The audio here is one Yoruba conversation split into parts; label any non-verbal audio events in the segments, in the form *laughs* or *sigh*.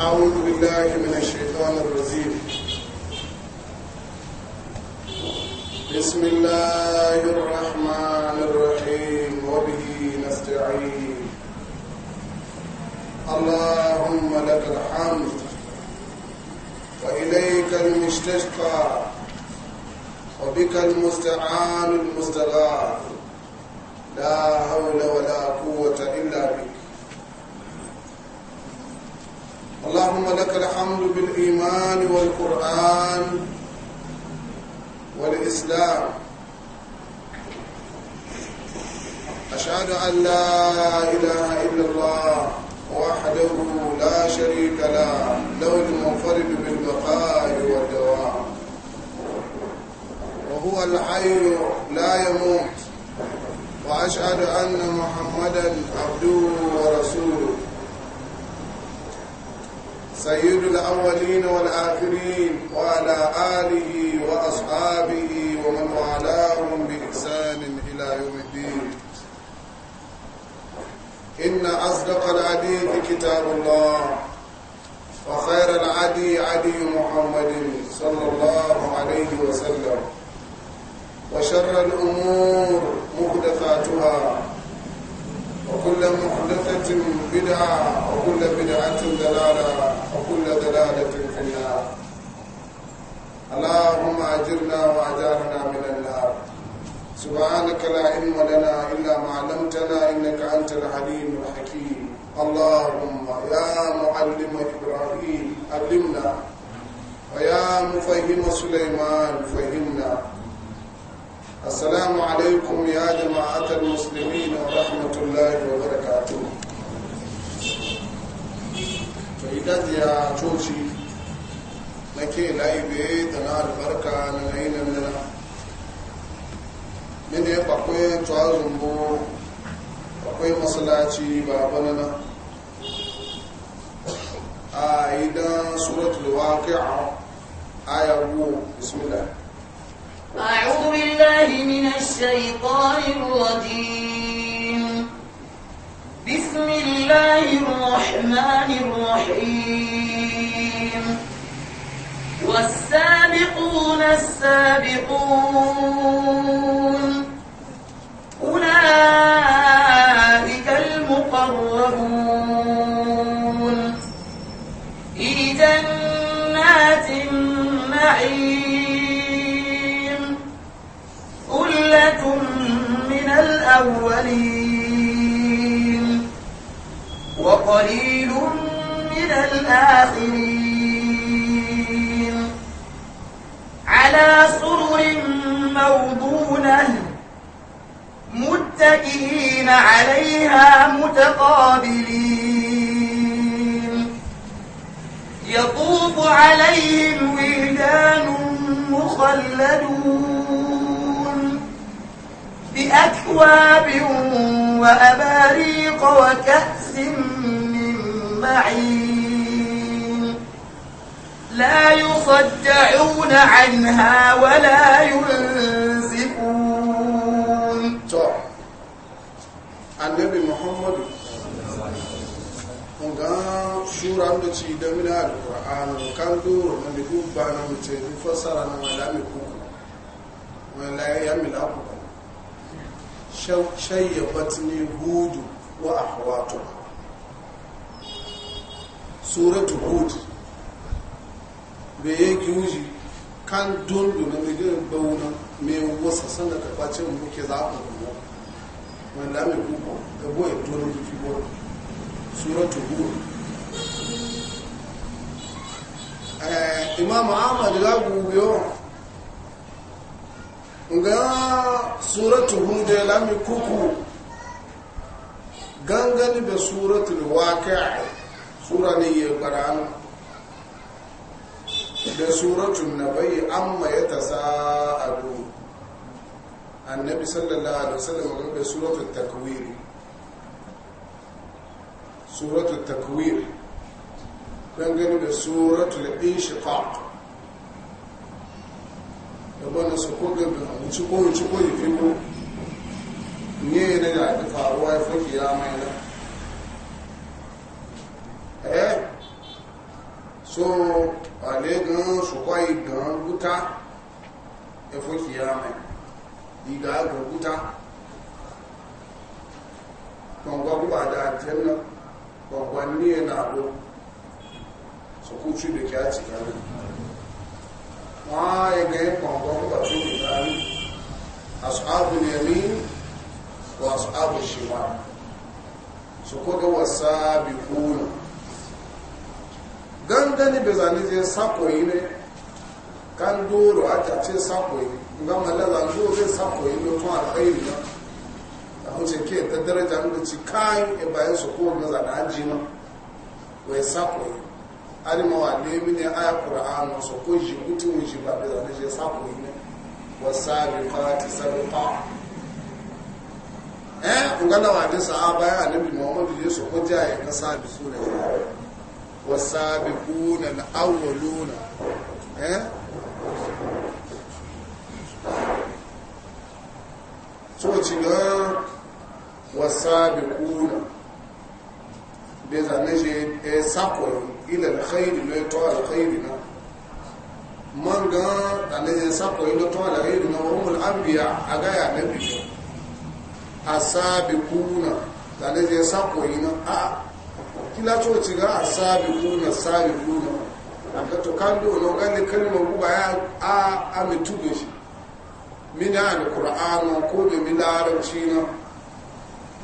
أعوذ بالله من الشيطان الرجيم بسم الله الرحمن الرحيم وبه نستعين اللهم لك الحمد وإليك المستشفى وبك المستعان المستغاث لا حول ولا قوة إلا بك اللهم لك الحمد بالإيمان والقرآن والإسلام أشهد أن لا إله إلا الله وحده لا شريك له له المنفرد بالبقاء والدوام وهو الحي لا يموت وأشهد أن محمدا عبده ورسوله سيد الأولين والآخرين وعلى آله وأصحابه ومن والاهم بإحسان إلى يوم الدين إن أصدق الحديث كتاب الله وخير العدي عدي محمد صلى الله عليه وسلم وشر الأمور محدثاتها وكل محدثة بدعة وكل بدعة دلالة وكل دلالة في النار اللهم أجرنا وأجارنا من النار سبحانك لا علم لنا إلا ما علمتنا إنك أنت العليم الحكيم اللهم يا معلم إبراهيم علمنا ويا مفهم سليمان فهمنا السلام عليكم يا جماعة المسلمين ورحمة الله وبركاته فإذا يا جوشي لكي لا يبيت دنا البركة نغين لنا من يبقوا تعزمو akwai masalaci babana na a idan suratul waqi'a aya 10 bismillah أعوذ بالله من الشيطان الرجيم بسم الله الرحمن الرحيم والسابقون السابقون أولئك المقربون إذا الأولين وقليل من الآخرين على سرر موضونة متكئين عليها متقابلين يطوف عليهم ولدان مخلدون بأكواب وأباريق وكأس من معين لا يصدعون عنها ولا ينزفون annabi muhammadu ga shura da ci da mina alƙur'an kan doro na da dubba na fasara na wani laye ya shayyabatni hudu wa ahwatu suratu hud beye kiuji kan dundu na mege bauna me wasa sanda ka bace mu ke za ku mu wanda me ku ko da boye dundu ki bo suratu hud eh imam ahmad lagu biyo nga suratu hudu ya lami kuku gangani da suratu waƙa sura ne ya ƙwararru da suratun na bai amma ya ta sa'adu annabi sallallahu alaihi wasallam ga da suratun takwiri suratun takwiri gangani da suratun inshiqaq bana su ko ga ci ko ci ko yi fimu ne ne da ta faruwa ya fake ya mai na eh so ale gan su ko yi gan buta ya fake ya mai diga ga buta kan ga ba da janna kan ne na do su ku da kya ci wọ́n ẹgbẹ́ kọ̀ọ̀kan fún bàtí ìdárí aṣáàbù ní ẹ̀mí wọ aṣáàbù ṣìwà ṣòkókè wọ sáàbì kúrò gangani bezanizin sakoyi ne kan doro a tace sakoyi ga malaza doro sakoyi ne kuma alkhairi na a wuce ke ta daraja da ci kayan ibayen su ko na zana ajiyar wai sakoyi arima wa de mini aya qur'an so ko ji kuti mun ji ba da ne je sa ko ne wasabiqati sabqa eh ungana wa de sahaba ya nabi muhammad je so ko ja ya kasa bi sura wasabiquna alawwaluna eh so ci ga wasabiquna beza ne je sa ko ila alkhairi lo to alkhairi na manga dalilin sako ilo to alkhairi na umul anbiya aga ya nabi asabiquna dalilin sako ina a kila to ci ga asabiquna sabiquna aka to kando no gani kalma guba ya a amitugo shi min alqur'an ko be min arabci na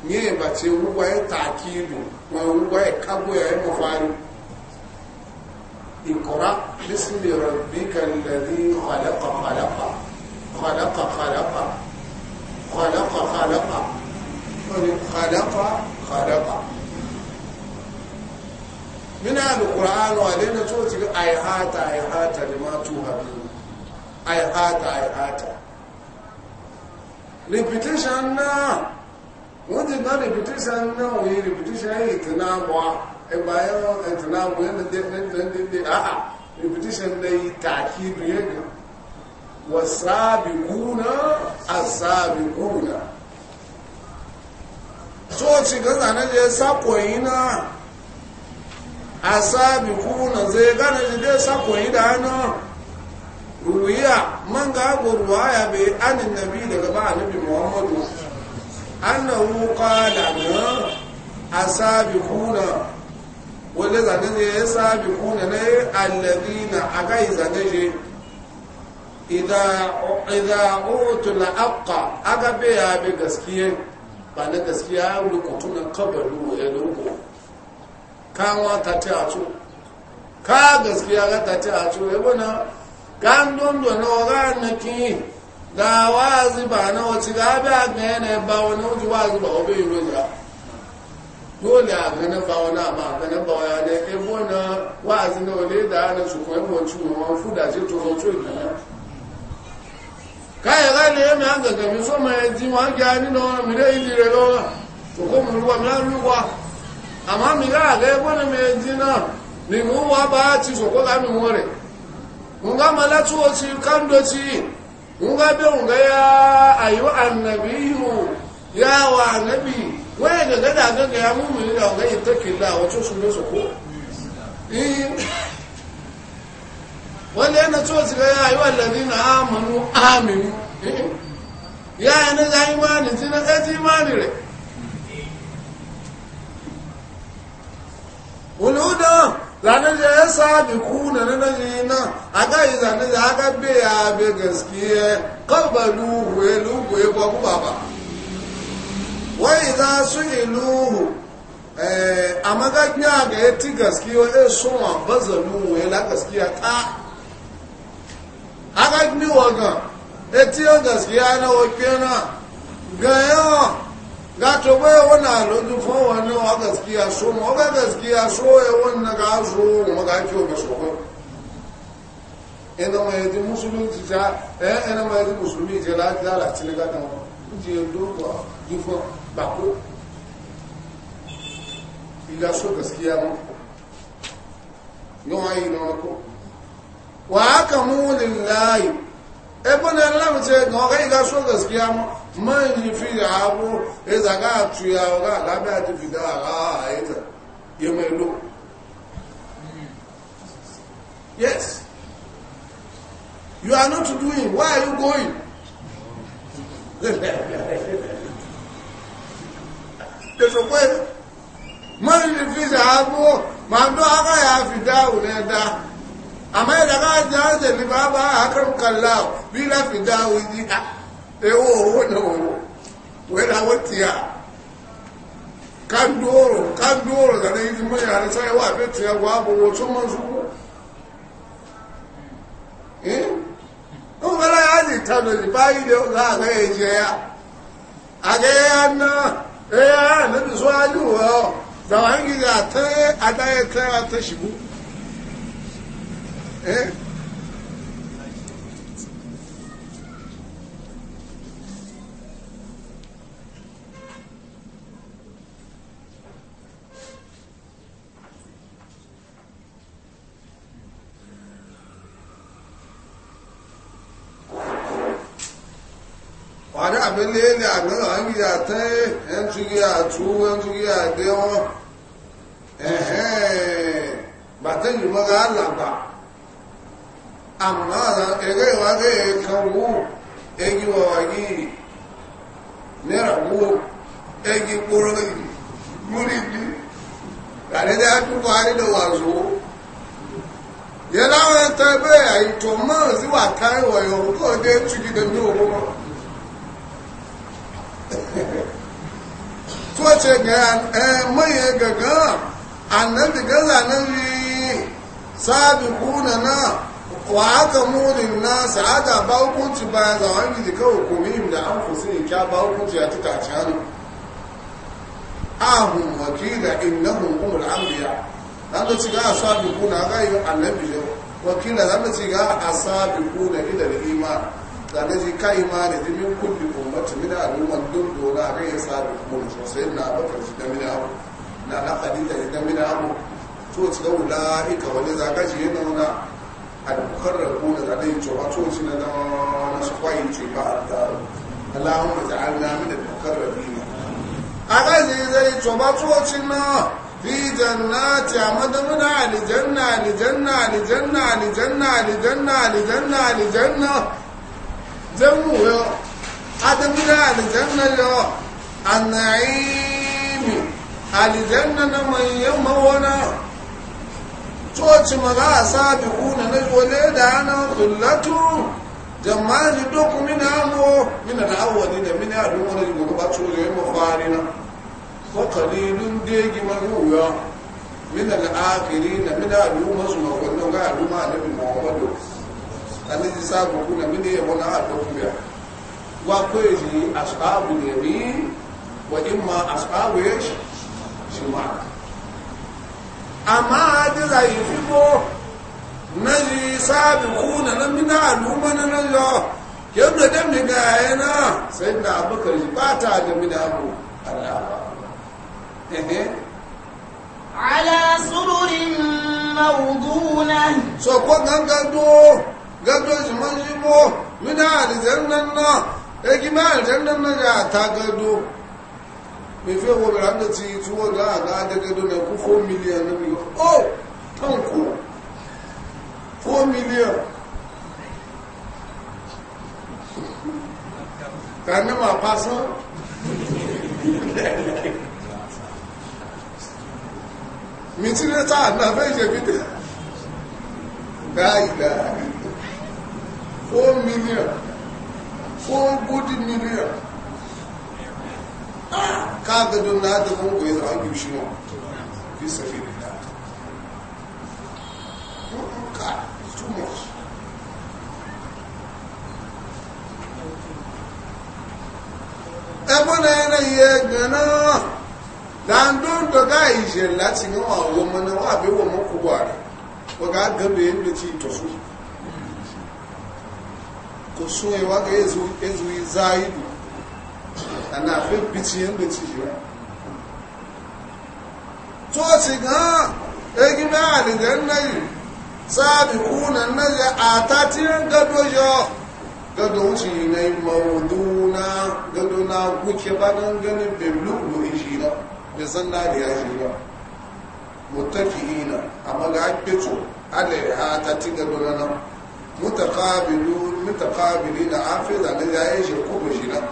nye ba ce guba ya takidu ma guba ya kabo ya mafari اقرأ باسم ربك الذي خلق خلق خلق خلق خلق خلق خلق خلق من القرآن وعلينا توتي أيهات أيهات لما توهبون أيهات أيهات repetition na wọ́n ti gbá نا náà wọ́n yí repetition yìí ti náà bayan etinamu yadda dindindindin a'a repetition na yi takidu yadda wasabikuna asabikuna coci ga zane je sakoyi na asabikuna zai gane shi dai sakoyi da hannun ruwiya man ga ruwa ya bai anin nabi daga ba annabi muhammadu annahu qala na asabikuna wanda zanen ne ya sabi kuna na yi allazina a gai zanen shi idan otu na akka aka bai ya bi gaskiya ba na gaskiya ya rukutu na kabaru ya lugu kawo ta ci a co ka gaskiya ga ta ci a co ya bana kan dondo na waga na ki da wazi ba na wace ga abi a ga yanayi ba wani wuce wazi ba obi yi roza dole a na ba na abu a ganin ba wani ne ke eh, bona wa'azi na wale da ana su koyi fuda ce to wancu ne kaya gane ya mi an ga so ma ji wa ga ni no mi re lo to ko mu ruwa mi an ruwa amma mi ga ga bona mi ji na ni mu wa ba ci so ko ga mi ga kan do be ga ya ayu annabiyu ya wa wọ́n yẹ gẹ̀gẹ́ dà gẹ́gẹ́ amúmi ní àwọn ẹ̀yìn tẹ́kìlá àwọn tó sùn ló sòkó wọ́n lé ẹ̀nà tó ti gẹ́yà yíwà lẹ́bí na ámànú ámì yá ẹni ya ìmáàni tí ẹ ti ìmáàni rẹ̀ olùdó lànàjẹ́ ẹ sáàbì kú nànàjẹ́ iná agáyì lànàjẹ́ agábẹ́ àbẹ̀ gẹ̀ẹ́sì ẹ kọ́bàlú wai za su iluhu a magagiya ga ya ti gaskiyo ya suna bazanu ya la gaskiya ta aka ni waga ya ti yau gaskiya na wakena ga yawa ga to baya wani alonzu fon wani wa gaskiya so ma ga gaskiya so ya wani ga so ma ga kiyo ga so ẹnà ọmọ ẹdín mùsùlùmí ti ta ẹ ẹnà ọmọ ẹdín mùsùlùmí ìjẹ láti lára àti lẹgàtà wọn ó di ẹdó wà yìí fún ọ ba ko so gaskiya ba yau ayi na wani wa aka mulin layi ebe na lamu ce ga ọkai ga so gaskiya ma man yi fi da abu ya e, zaga a tuya ga alabi a tafi da a a yi ya mai lo yes you are not doing why are you going *laughs* dẹ̀sọ̀ pé dị fi ṣàbò máa dọ́ akáyà fìdá òun ẹ̀dá àmọ́ ìdàgbà jáde ní bàbá akẹ́kọ̀ọ́lá bí ilá fìdá òun yí ewu owó náà owó wẹ́n àwọn tìyà kandoro kandoro da na yi mai yare sai wa be tiya wa bo wato man ya ji Eh, eh nabi swaju zuwa da wangi ga ta adaya ta ta shigo eh? wàdí àbẹ́lé ní àgbẹ́lá àgbẹ́ àtẹ́ ẹ̀ntúgí àtú ẹ̀ntúgí àdé wọn ẹ̀hẹ́n bàtẹ́jì mọ́gá alàgbà àmà ẹ̀rẹ́ ìwádé kan wú ẹgbẹ́ wọ̀wà yìí náírà wú ẹgbẹ́ kóró múrídìí àdẹ́dẹ́ àtúkọ̀ àrídọ̀wà zòó yẹ́láwọ́ ẹ̀tọ́ ẹgbẹ́ àìtọ̀ mọ́ sí wà káríwọ̀ yọ̀rùkọ́ dé túnjì dẹ̀ ní òwúrọ̀ tuwace ga eh, maye gaga annabi gaza nan yi sabi kuna na wa aka murin na sa'ada ba hukunci bayan zawon gidi ka hukumi da an kusa ne kya ba hukunci ya tuta ci hannu ahun wakila innahum umul anbiya dan da ci ga asabi kuna ga yi annabi yau wakila dan da ci ga asabi kuna ila iman zane zai kai ma da jimin kulli ummatu min al'umman dun dora ga ya sa da kuma sosai na bakar shi da abu na na hadita da min abu to ci da wula ika wani zagaji yana wani al-mukarrar ko da zane ci ba to ci na na su kwayi ci ba a da Allahumma ja'alna min al-mukarrabin aga zai zai ci ba to ci na fi jannati amadamuna janna alijanna alijanna alijanna alijanna alijanna alijanna jannu yo adamuna aljanna yo na yamma wana coci maga sabiquna da ana thullatu min amo min da min alumar yi gobe bacu da yi mafari na ko kalilun degi maruwa min al'akiri na makonni muhammadu lani ti sáàbù kú na mini yẹ wọn a fún yà wà kó èyí asùpáàbù yẹ mí wà ní ma asùpáàbù yẹ ṣì má. àmà àdìlà yìí fi bó na yi sáàbù kú na na mini àlùmọ́ na na yọ kí ẹnu ẹdẹ mi gà ẹ náà sẹ́yìn náà abúkà yìí bá ta àdàmì náà bò àdàbà. على سرر موضونة سوكو غانغاندو gado shi man shi bo mina aljannan na e gi ma aljannan na ya ta gado me fe wo ra ndo ti tu wo ga ga de gado na ku 4 million na mi oh ton ku 4 million kan na ma paso mi ti le ta na fe je bi de ga ila four million four good million káàdì tó náà tó mú kòyí àwọn kìí ṣúná fi sẹ́fì rẹ̀ dáa wọ́n ń ká too much ẹgbọ́n náà ẹ̀rẹ́ yẹ gànà dáńdọ́ndọ̀gá ìṣẹ̀lẹ̀ láti ní àwọn ọmọ náà wà bí wọ́n mọ́kúwà rẹ̀ wọ́n ká gẹ́bẹ̀ẹ́ ń lè ti ìtọ̀sùn to suwe waga ezuwi zaidu ana fi bici yadda ci shi to ci ga egi ba aligan nayi sabi kuna nayi a tatiyan gado yo gado wuce na yi mawuduna gado na guke ba don ganin beblu da shi na da sanda na mutafi ina amma ga haƙƙito ala ya tatiyan na mutaqabilun mutaqabili da afiza da ya yi shirku ba shi nan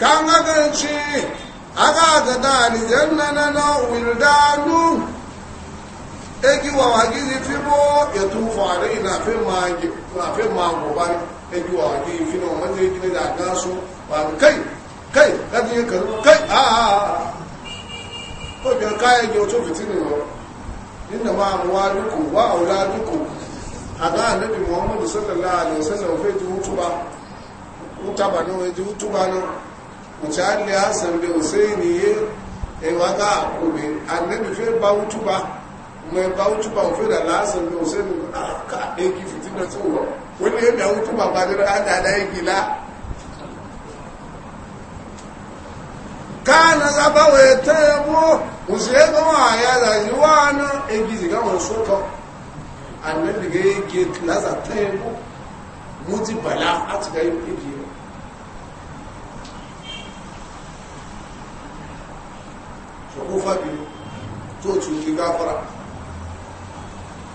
kan hakan ce aka ga da aljanna na na wildanu egi wa wagizi fi bo ya tufa alaina fi magi fi mago ba egi wa wagizi fi na wanda ya gina da gasu ba kai kai kaji ya karu kai a a ko biyar kayan yau to fitinin yau inda ma amwalukum wa auladukum àgá ànábì muhammadu sallallahu alaihi wasallam òfé ju wútúbà wútàbà náà wọ́n ju wútúbà náà mùsàlì hasan bẹ hussein yé ẹ̀wọ̀n e àgá òbí ànábì fẹ́ bá wútúbà mọ̀ ẹ̀ e bá wútúbà òfé dà láhasan bẹ hussein àká èkì fìtínà tó wọ̀ wọ́n ní ẹ̀dà wútúbà bá dẹ́rẹ́ àdàdà èkì lá. káàna sábàwọ̀ ẹ̀ tẹ́ ẹ annabi ga yake laza ta yabo muji bala a cika yi yake yi shakofa biyu to cuki gafara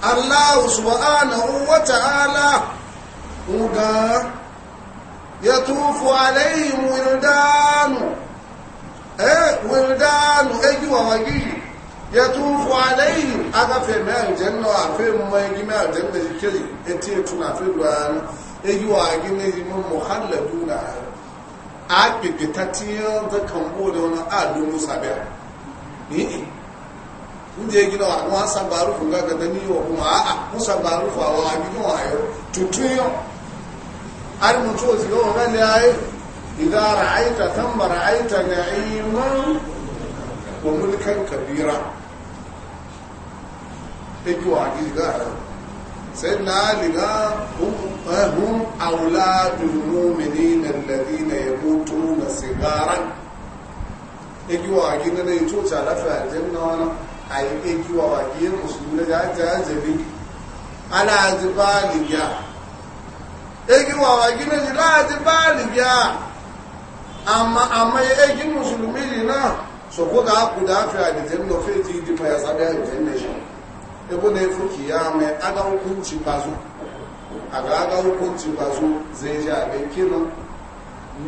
allahu subhanahu wa ta'ala uga ya tufu alaihim wildanu eh wildanu ejiwa eh, wagiyi yatufu alayhim aga fe me aljanna a fe mu mai gi me aljanna ji kiri eti tuna fe duwan e wa gi me ji mun muhalladuna a pipi tatiyo da kan bude wani adu musabiya ni nje gina wa no asa baru fu ga ga ni yo kuma a a musa baru fa wa gi no ayo tutuyo ar mu to zi yo na le ay idara aita tamma ra'aita na'iman wa mulkan kabira fíkí wà kí ìgbà rẹ̀ sai na liga hun eh, auladun mumini na lalari na ya mutu na sigaran igi wa wagi na nai coci alafi aljanna wani a yi igi wa wagi yin musulmi da jajajali ana ji ba liga igi wa wagi na ji ji ba liga amma amma ya igi musulmi na so ko ga ku da afi aljanna fi ji di mai asabi aljanna shi ebe na efu kiyama aga hukunci bazu aga aga hukunci bazu zai ji abin kinan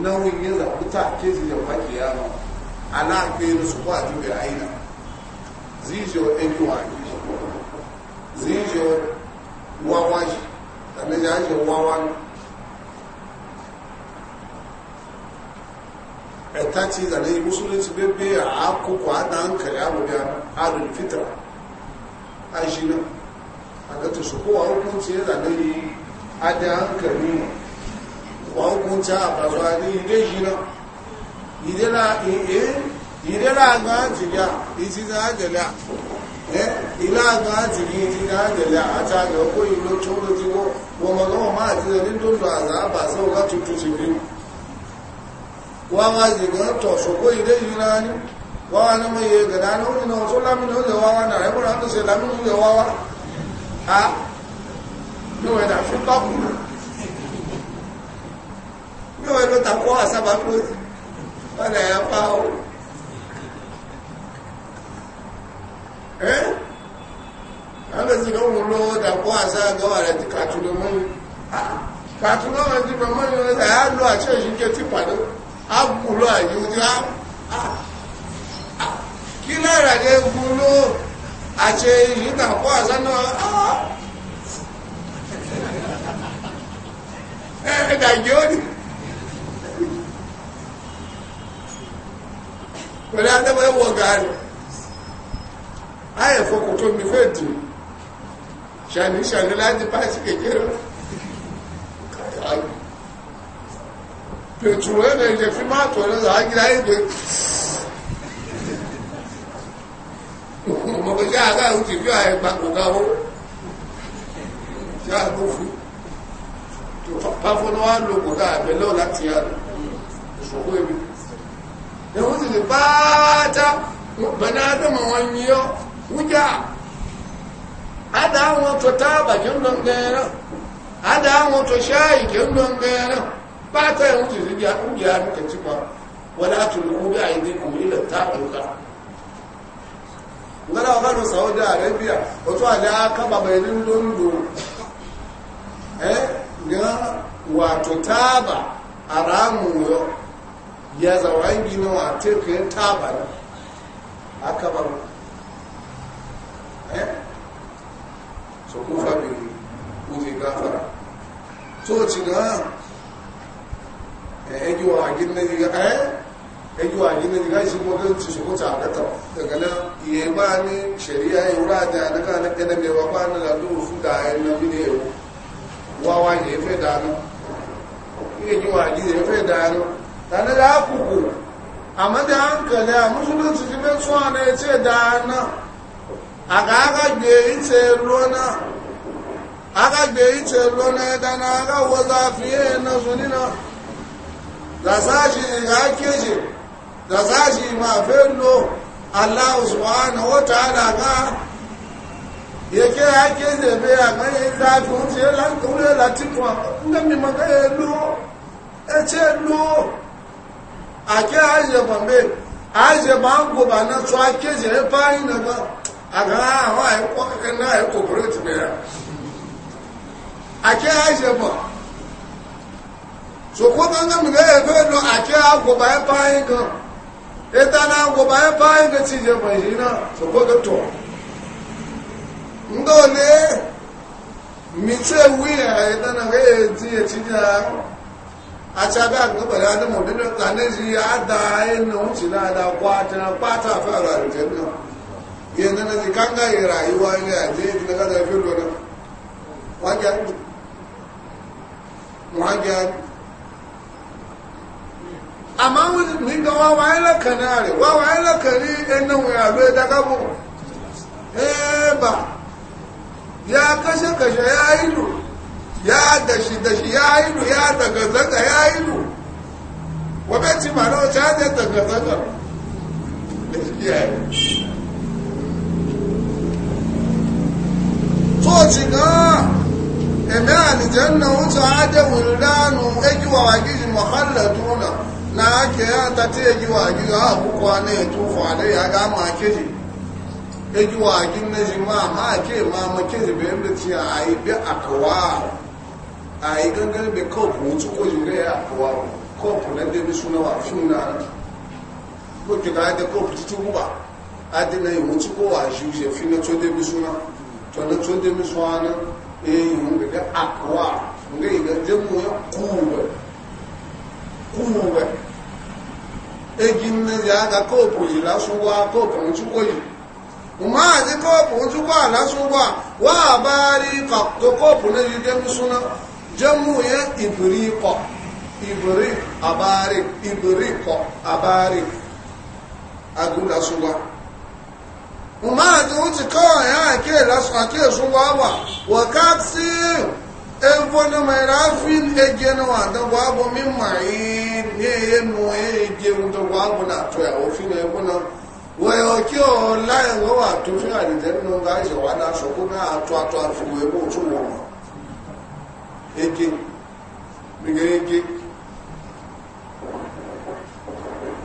nauyin ya zaɓi ta ke ji yamma kiyama ana kwenu su kwa jube aina zijo ɗanki wa gishi zijo wawa shi na ya ji wawa ẹ̀ta ti musulunci bẹ́ẹ̀ bẹ́ẹ̀ àákókò àdáǹkẹ̀rẹ̀ àbúgbà adùn fitra a shi nan a ga ta kowa hukunci ya zagari a da hankali wa hukunci a bazuwa ne ide shi nan idela ee eh, eh, idela ga jiga iti za gala ila ga jigi iti za gala a ta ga koyi lokacin da jigo wa magana ma a tizarin dundu a za ba sau ga tutu biyu wa ma jiga to so koyi dai yi rani wawa na mai ga dani wani na wasu lamini wanda wawa na rabu na sai lamini wanda wawa a yóò da fún báàbù yóò wẹ̀ ló ta kọ́ àsábà pé wọ́n lè yà pa ó ẹ́ alẹ́sì ló wù ló ta kọ́ àsáàgọ́ rẹ̀ ti kàtúlò mọ́ kàtúlò wọn ti mọ́ mọ́ yóò rẹ̀ á lọ àṣẹ ìṣúnjẹ tí pàdé á kù lọ àyè ojú á kina rage gulo a ce yi na kwa zanen a ah. eh da gyoni pẹ̀lú adẹ́bọ̀ ẹwọ gàárì ayẹ̀ fọkù tó ní fèèdì ṣàní ṣàní láti pàṣí kékeré pẹ̀tù ẹ̀rẹ̀ ìjẹ̀ fi máa tọ̀rọ̀ àgíráyé mo pe ṣáà ká òun ti fi àyè gba kò ga owó ṣáà tó fi tó pàfọ́ náà wá lo kò lọ́wọ́ láti yá ìṣòkó ebi ni wọ́n ti lè pátá bẹ̀rẹ̀ adọ́mọ̀ wọn yí ọ́ wújà ada àwọn tó tábà kí ń lọ gẹ̀ẹ́ náà ada àwọn tó ṣáàyì kí ń lọ gẹ̀ẹ́ náà pátá ìwọ́n ti lè jẹ́ àkújẹ́ àdúkẹ́ tí pa wọ́n láti lè kú bí àyè ngana ọ̀gánu saudi arabia otu àlẹ́ aka bàbá ẹni ńlọ ńlọ ẹ gan wàtò táàbà ya zawa yi na wàtò na aka bàbá ẹ eh? so kó fàbírí kó fi gáfara tó ti gan ẹ ẹjọ́ àgínlẹ́ ẹjọ́ àdínà ní láìsí mọ́gán ti ta ta daga nan iye bá ní ṣẹ̀ríyà ìwúrà na àdáká ẹnà mẹ́wàá mai ní làdúrù fún da ẹnà bí ní ẹ̀wọ̀ wá wá ní ẹfẹ́ dáná ní ẹjọ́ àdínà ẹfẹ́ dáná tàní dá kùkù àmọ́dé àǹkàlẹ̀ àmúṣúlùtù ti fẹ́ tún àná ẹtí dáná àkàkàgbé ìtẹ̀ lọ́nà àkàgbé ìtẹ̀ lọ́nà ẹ̀dáná àkàwọ́ láàfin ẹ̀ẹ́nà sùn nínà làṣáàṣì ìhà kéjì da za shi ma fello Allah subhanahu wa ta'ala ga yake yake zebe a ganin zafi wuce ya lankule latikwa ɗan mi maka ya lo ya e ce lo a ke aje bambe aje ba goba na su a ke je ya e fayi na ga a ga hawa ya e kwakwakan na ya kokoreti ne ya a ke aje ba so ko ɗan ga mi ga ya fe lo a ke goba ya fayi gan ita na go bayan bayan ga cije mai shi na so ndo ne mi ce wiya ita na ga ya ji ya cije a ca ga ga bara da tsanin shi ya da e na wuce na da kwata kwata fara da na zikan ga rayuwa ne a je daga da fi lona e wajen àmọ́ mi gan wá wáyé lẹ́kàn náà rẹ̀ wá wáyé lẹ́kàn ní ẹnu àlú ẹ̀dágábò ẹ̀ẹ́bà ya kashe-kashe ya ìlú ya dashi-dashi ya ìlú ya dagazaga ya ìlú wọ́bẹ̀ tí màá náà ṣáájẹ́ dagazaga tó ti gan ẹ̀mẹ́ àlìjẹ́ náà ń sọ ájẹ́ wìrìdánù ẹjúwàwà gíjì mọ̀kànlẹ̀ tó náà na ake atata egiwa gị ha akwụkwọ a na-etufu adịghị a ga ama keji egiwa gị nneji ma ama ke ma ama keji bụ emeti a anyị bịa akụwa ahụ anyị gangan bɛ kɔpu wotu koyi ne ya akụwa o kɔpu na de bi suna wa fi na ko kika ade kọpụ titi wuba ade na e yi wotu wa zi yɛ fi na tso de bi suna tɔ na tso de bi suna na eye yi wo bɛ kɛ akɔwa nga yi ka de mu yɛ kuu kúnnù rẹ̀ egi nnẹ́rì aga kóòpù yìí lásán wá kóòpù ń túkó yìí mọ́ àti kóòpù ń túkó àlásán wá wá bá rí kàtó kóòpù náà yìí jẹ́mú súná jẹ́mú yẹn ìbìrí kọ ìbìrí àbárí ìbìrí kọ àbárí agúdásán wá mọ́ àti wọ́n ti kọ́ ọ̀yá àkíyèsán wá wà wọ́n ká sí ebona marafin egena wada gwabo min mayin ye ye no ye e, ge wada gwabo na to ya ofi na na wayo oke o la ya wa to fi ari den no ga e na so ko na to to afu we bo to wo ege mi ge ege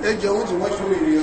ege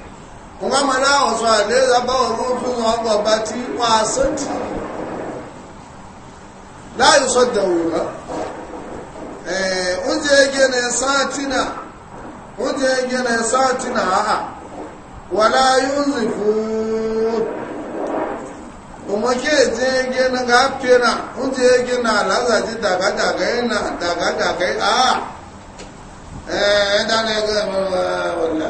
wọn máa náà ọ̀sán àdéhùn abáwọn ọdún fún wọn ọgbọ̀n bá tí wọn na ẹ̀sáàtìnà na ẹ̀sáàtìnà àhà wà láàyè oúnjẹ fún na ẹ̀jẹ̀ ẹgẹ na gápẹ́nà oúnjẹ na àlázàjì daga ẹ̀nà dàgádàgá àhà ẹ̀ẹ́dánilẹ́gbẹ̀rún wọ̀lá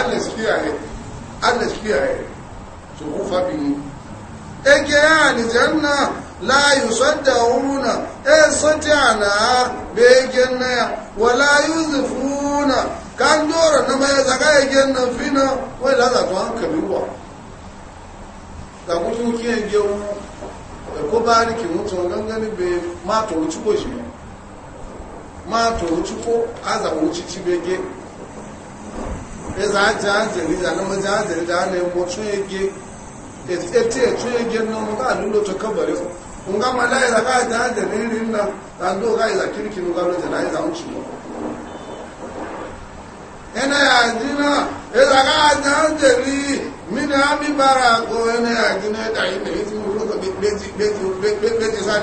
atmosphere rẹ̀ atmosphere rẹ̀ ṣòkú fábìlì ẹgẹ́ àlìjẹ́ náà láàyò sọ́dẹ̀ òrùnà ẹ sọ́dẹ̀ àlàá bẹ́ẹ̀gẹ́ náà wà láàyò sì fúnà káńdọ̀rọ̀ náà máa zaka ẹgẹ́ náà fínà wọ́n ìlànà tó ń kàbí wà tàkútù kí ẹgẹ́ wọn ẹ̀kọ́ bá rí kìí tó gángan níbi máa tọrọ tí kò yìí máa tọrọ tí kò ázàwọ̀ títí bẹ́ẹ̀gẹ́ eza aja ajẹ̀rí àlọ́mọjá ajẹ̀rí dáálẹ̀ ẹ̀wọ̀ tún ege etí ẹ̀tún ege náà wọn ká lúlò tó kọ́bọ̀rẹ́ fún wọn ká máa láyé ìzàká ajá ajẹ̀rí rí ńlá tàbí ọ̀gá ìzà kíríkìrí ọ̀gá lọ́jẹ̀ láyé ìzà oṣù lọ. ẹnẹ àjínà ìzàká ajá ajẹ̀rí mínú ámì bára kó ẹnẹ àjínà ẹ̀dá ìmẹ̀rí tí mo lókọ̀ gbẹ́jì sáà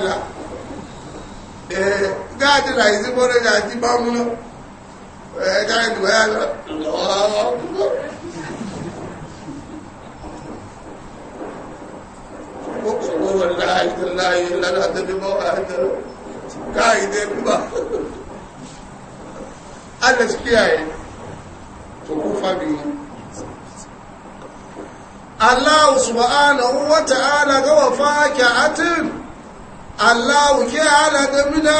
ẹ̀ẹ́dá ìdùnnú ẹ̀ lọ́wọ́ gbogbo wọ̀lá ìdọ̀lá ìlànà tẹ́lẹ̀mọ́ àádọ́rọ̀ káàkiri ẹgbùgbà alẹ́síkíà ẹ̀ tó kú fàbíyí aláwọ̀ sùwọ́nà wọ́ta alágọ́wọ̀ fàákà àtìrì aláwọ̀ kí alágọ́mìnà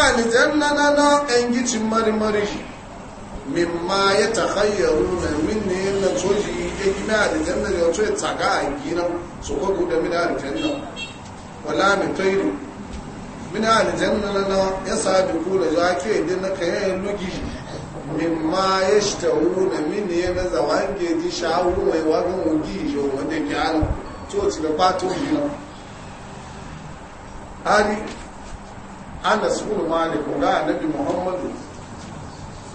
mimma ya takhayyaru na minne na tsoji ya yi gina a aljanna ya tsoye tsaga a gina su kwa guda mina aljanna wala min tairu mina aljanna na na ya sabi kula za ke idan na kayan lugi mimma ya shitawu na minne na zawan geji shawu mai wagon wugi yau wanda ke gyara tsoci da fato gina ali anas bin malik ga annabi muhammadu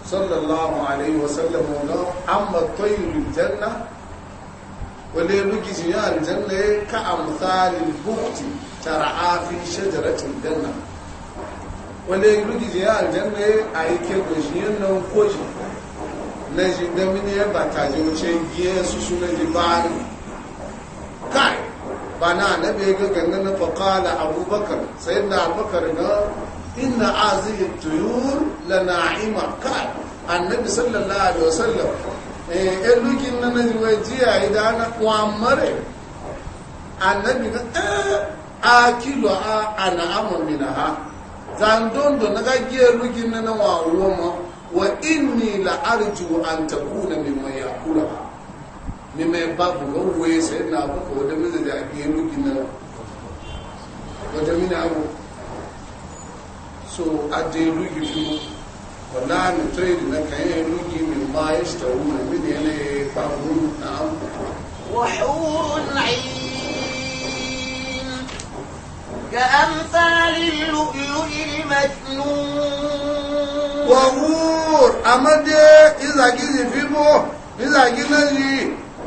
sallallahu alaihi wasallam ga amma tayyul janna wale ruki shi ya aljanna ka amsalil bukti tar'a fi shajaratil janna duki ruki shi ya aljanna kebe shi yin nan koji na ji da mini ya ta ji wuce giye su su na ji bani kai bana na bai ga gangan na fakala abubakar sai da abubakar ga inna azihi tuyur la na'ima kai annabi sallallahu alaihi wasallam eh en eh, lukin nan na jiya idan na kwamare annabi na eh, a kilo a ana amon ha zan don na gaggiyar lukin nan na wawo ma wa inni la arju an takuna mimma yakula mimma babu gawe sai na buka wanda mizi da ake lukin nan wanda mina abu so a da lukin fi wala na trade na kan yi nuki min ba ya shi tawo na min yana ya faru na an kuwa وحور عين كأمثال اللؤلؤ المكنون وحور أمد إذا جيز فيمو إذا جيز لي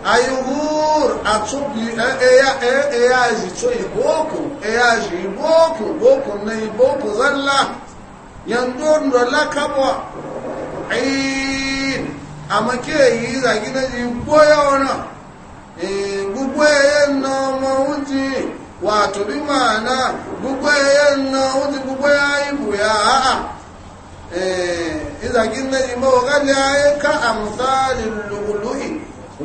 ayuhur atubi eya eya ji to iboko eya ji iboko boko na iboko zalla yandon da lakabwa ayin a make yi zagi na ji e, goya wana gbogbo yayin na mawunci wato bi ma'ana gbogbo yayin na wuce gbogbo yayi buya a'a e, izagin na ji mawagali yayi ka amsalin lulluhi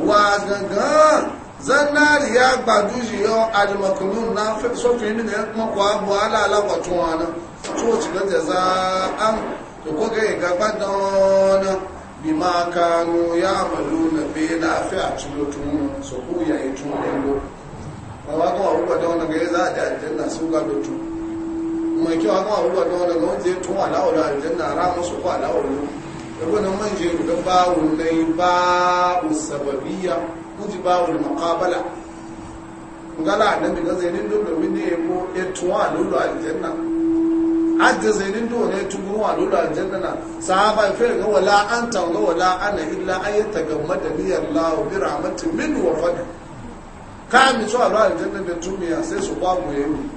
wa gangan zanari ya gbadushi yau alimakulun na sofin ne makwa buhala alakwatuwa na coci na jaza'an da kuka yi gaba da wani bima kanu ya malu na be na fi a cilotun su ku ya yi tun yango ba wa kuma abubuwa da wani gaya za a da aljanna su ga lotu mai kyau a kuma abubuwa da wani gaya je tun alawar aljanna ramu su ku alawar yau yabo na manje da bawu na yi bawu sababiya kuji bawu da makabala ngala da mi gazainin domin ne ya ko ya tun alawar aljanna adda zainin dole ne tunguru wa lulu aljanna na sahaba fa ga wala anta wa wala ana illa ay tagammada li Allah bi rahmatin min wa fadl ka mi so ala aljanna da tumiya sai su ba mu yayi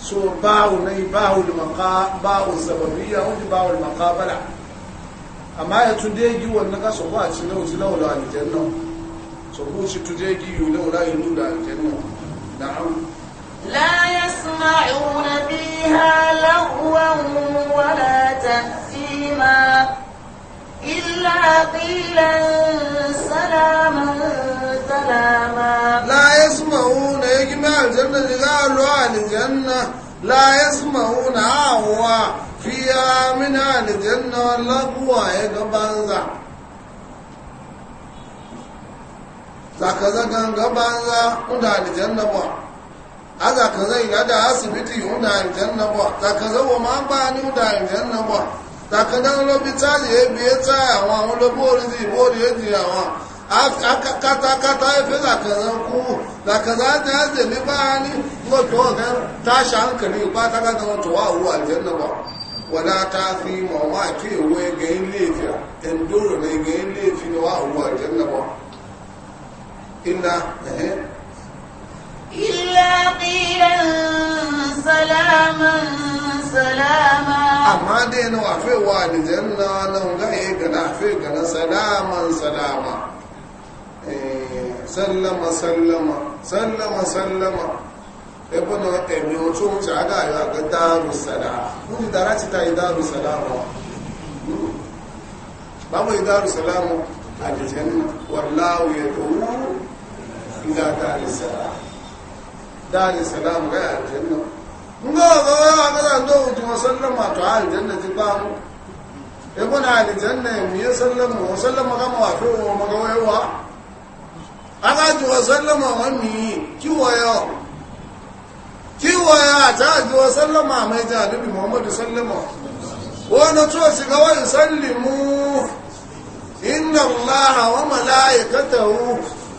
so ba'u nay ba'u al-maqa ba'u sababiyya wa ba'u al-maqabala amma ya tunde gi wannan ka so ba ci lawo ci lawo aljanna so ko ci tunde gi yu lawo da yu da aljanna لا يسمعون فيها لغوا ولا تأثيما إلا قيلا سلاما سلاما لا يسمعون يجمع الجنة قالوا عن الجنة لا يسمعون هو فيها من أهل الجنة واللغوة يقبنزع zaka zagan gabanza inda aljanna ba aza ka zai ga da asibiti yunda aljanna ba ta ka zawo ma ba ni yunda aljanna ba ta ka dan lo bi ta je bi ta àwọn àwọn lo bo ri ti bo ri ti àwọn kata kata e fe la ka zan ku la ka za ta je mi ba ni ko to ga ta sha hankali ba ta ga dan to wa wu aljanna ba wala ta fi ma wa ke we ga in lefi en duro ne ga in lefi wa wu aljanna ba inna eh, eh. إلا قيلا سلاما سلاما amma dai na wafe wa da janna na hungaye ga na fe ga salaman salama sallama sallama sallama sallama ebe na ebe otu wuce aga yau aga daru salama kun dara ci ta yi daru salama salama a da ya salama dari salamu ga aljanna mun ga ga wa ga da do to sallama to aljanna ji ba mu e kuna aljanna mi ya sallama wa sallama ga ma to ma ga wayewa aga ji wa sallama wa ki wayo ki waya ta ji wa sallama muhammadu sallama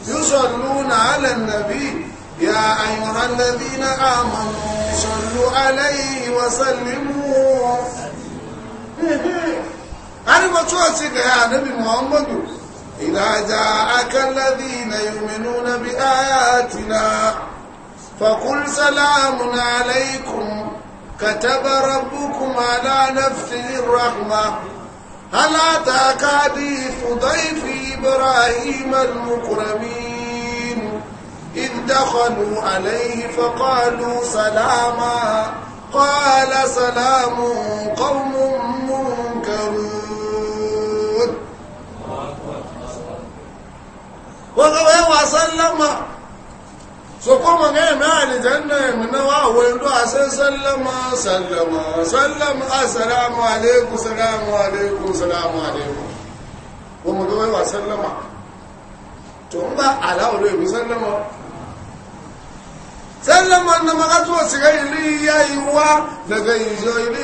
yusalluna ala an-nabi يا أيها الذين آمنوا صلوا عليه وسلموا أنا ما توصيك يا نبي محمد إذا جاءك الذين يؤمنون بآياتنا فقل سلام عليكم كتب ربكم على نفسه الرحمة هل أتاك حديث ضيف إبراهيم المكرمين إذ دخلوا عليه فقالوا سلاما قال سلام قوم منكرون وقال وسلم سقوم غير مال جنة من وعوين دعا سلم سلم سلم السلام عليكم سلام عليكم سلام عليكم ومقوى وسلم ثم على أولئك سلم sẹ́lẹ̀mọ̀ ní ọmọ tó sìgá ìlú ìyá ìwá gẹ̀gẹ̀ ìjọ ilé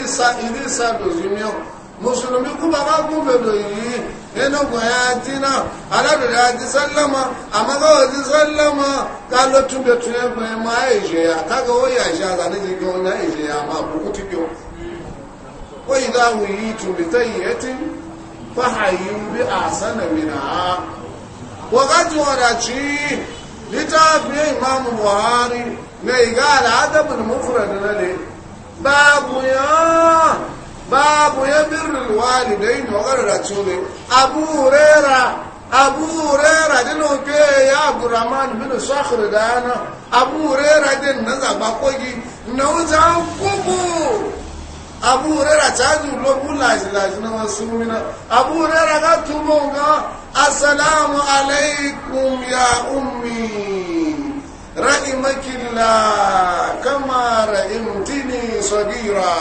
ìsá dòjúmíọ̀ mùsùlùmí kú bàbá kú bèdò yìí ẹnùkùn ya jí náà alábìrì àti sẹ́lẹ̀mọ̀ àmọ́gá òjì sẹ́lẹ̀mọ̀ ká ló tún bẹ tún ẹgbẹ́ ẹmọ àìṣe àkágọ́ ó yà ṣe àtàlẹ́jì gan ní àìṣe àmọ́ àbùkù tí kí o ó yìí dáhùn yìí tún bẹ tẹ́ yìí ẹtí fáhà yìí bí àsánàmì náà wọ́n ká ti wọ̀dà tí lítà bí ìmáàmù buhari mai ga al'adabin mufrad na ne babu ya babu ya birrul walidain wa garratu ne abu rera. abu rera. din oke ya abdurrahman bin sakhr da ana abu rera din na zaba kogi na wuta kuku. abu hurera ta ji lobu lajilaji na wasu mina abu rera ga tumo ga assalamu alaikum ya ummi رحمك الله كما رحمتني صغيرا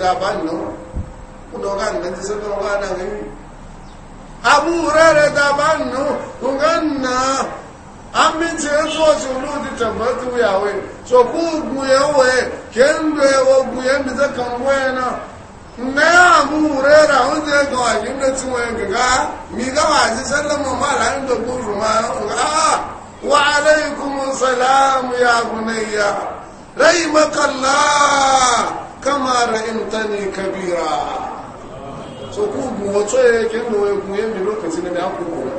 da ban no kudo gan nan sai no ga nan gani abu rare da ban no kungan na amin ce so su lu di tabbatu ya we so ku guye we ken do wo guye mi za kan we na na abu rare on je go ajin da tuwe ga mi ga wa ji sallama ma ran da ku ma ah وعليكم السلام يا بني رحمك الله كما رئمتني كبيرا so ku gun oto ye ke no egun ye mi lokati ni da ku ko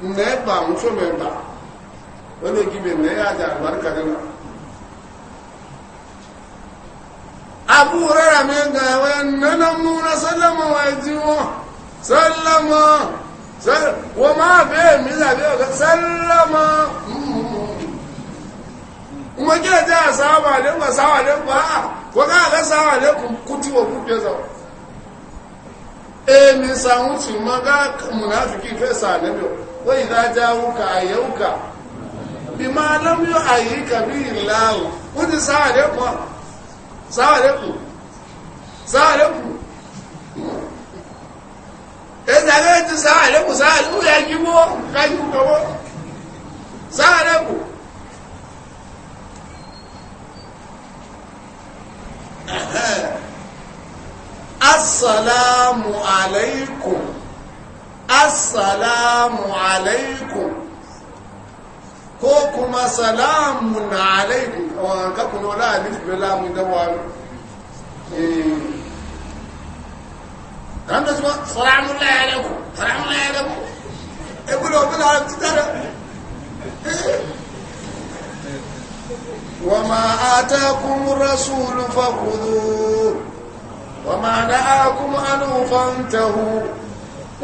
ne ba mu so me ba wani gibe ne ya ja barka da abu wọ́n máa bẹ́ẹ̀ mi làbí ọ̀gá sálámà kuma gina ta a sawa alaikum a sawa alaikum ah, a ko ka ga sawa alaikum kuti wa kuke zawa eh min samu ci ma ga munafiki fe sa ne do wa idza ja'uka ayyuka bima lam yu'ayyika bi illahu kuti sawa alaikum ah, sawa alaikum sawa alaikum ẹ̀dàgbẹ́ ti sáàlẹ́ kò sáàlẹ́ ó yẹ kí wọ́ káyú kọwọ́ sáàlẹ́ kò assalamu alaikum assalamu alaikum ko kuma salamun alaikum wọn kakunu ọlá àdìsí pẹ̀lú àmì ìdánwò àrùn ramdo sima salamullahi alaikum salamullahi alaikum ebulo bila arab titara eh. wama atakum rasulu fakhudhu wama na'akum anhu fantahu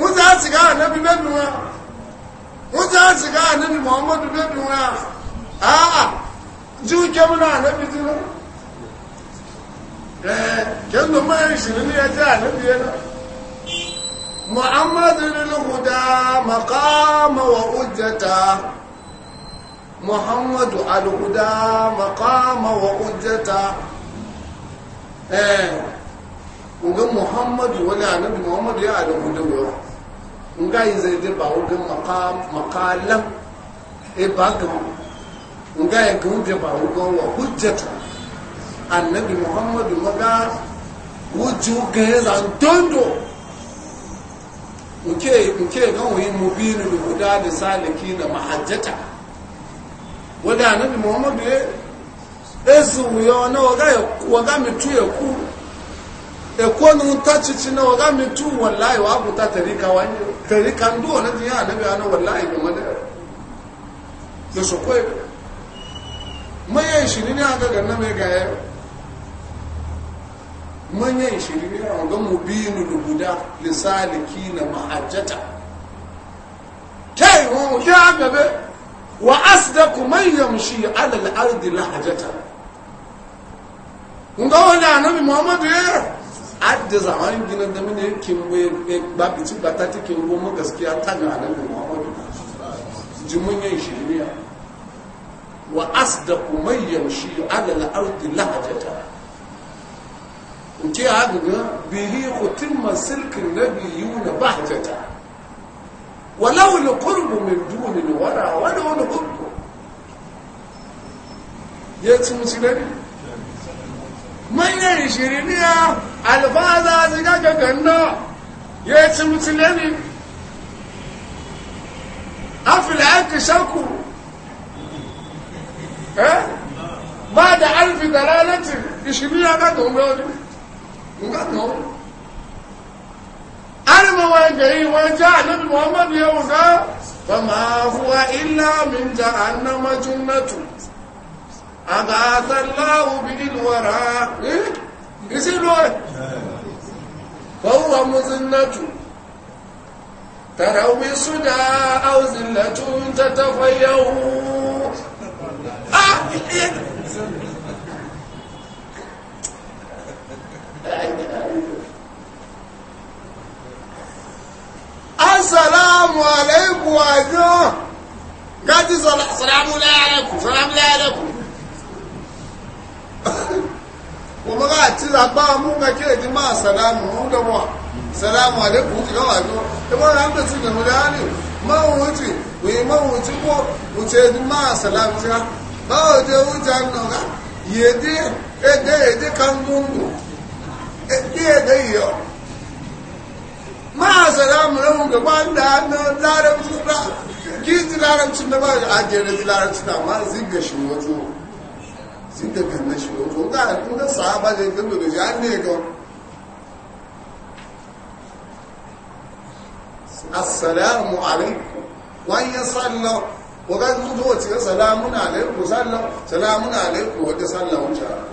wọ́n ta sìgá ànábi mẹ́nu wa wọ́n ta sìgá ànábi muhammadu mẹ́nu wa aa jíu jẹ́múnà ànábi tí wọ́n ẹ̀ kẹ́ńdọ̀ máa ń ṣìlú ní ẹjẹ́ ànábi yẹn náà محمد للهدى مقام وأجتا محمد الهدى مقام وأجتا muhammadu wani annabi muhammadu ya adam hudu nga yi zai ba makalan e ba ga ya ga ba wa hujjata muhammadu maga ga muke muke kan wani mubinu da guda da saliki na mahajjata wadda nabi muhammadu ya ezu yo na waga waga mitu ya ku ekwo nu tachichi na waga mitu wallahi wa ku ta tarika wani tarika ndo na ji ya nabi ana wallahi ga mana da so ko mai shi ne aka ga na mai ga yau manyan shirme a ga mubinu lubuda lissaliki na ta yi wa ya gabe wa asdaku kuma yamshi ala al-ardi lahajata nga wani nabi muhammadu ya adda zaman gina da mun yake ba bici ba ta take ruwa mu gaskiya ta ga nabi muhammadu jimin yin shirya wa asdaku kuma yamshi ala al-ardi lahajata nke ya gaga bihi kutimma silkin nabiyuna bahtata walau li qurbu min duni wala wala wala hubbu ya ci musu gani manyan shiriniya alfaza ziga ga ganna ya ci musu gani afila aka shaku eh ba da alfi dalalatin ishiriya ga gombe wajen nga ko arima wa gari wa ja annabi muhammad ya wuga fa ma huwa illa min jahannama jannatu aga sallahu bil wara eh isi lo e? fa huwa muzinnatu تروا بصدى أو زلة تتفيهوا assalamu alaikum wajo gaji salamu alaikum salamu alaikum kuma ga ci zaba mu ga ke ji ma salamu mu da mu salamu alaikum ji ga wajo kuma ran da su da mu da ne ma wuce we ma wuce ko wuce ji ma salamu ji ba wuce wuce ɗaya da yi yau ma a salamu rahun gaba da na larabci gizi larabci na ba a ajiyar da larabci na ma ziga shi wato ziga ganna shi wato ga a kuma sahaba da ya gaba da jihar ne ga assalamu alaikum wani ya sallau wakati mutuwa ce salamun alaikum sallau salamun alaikum wata sallau wuce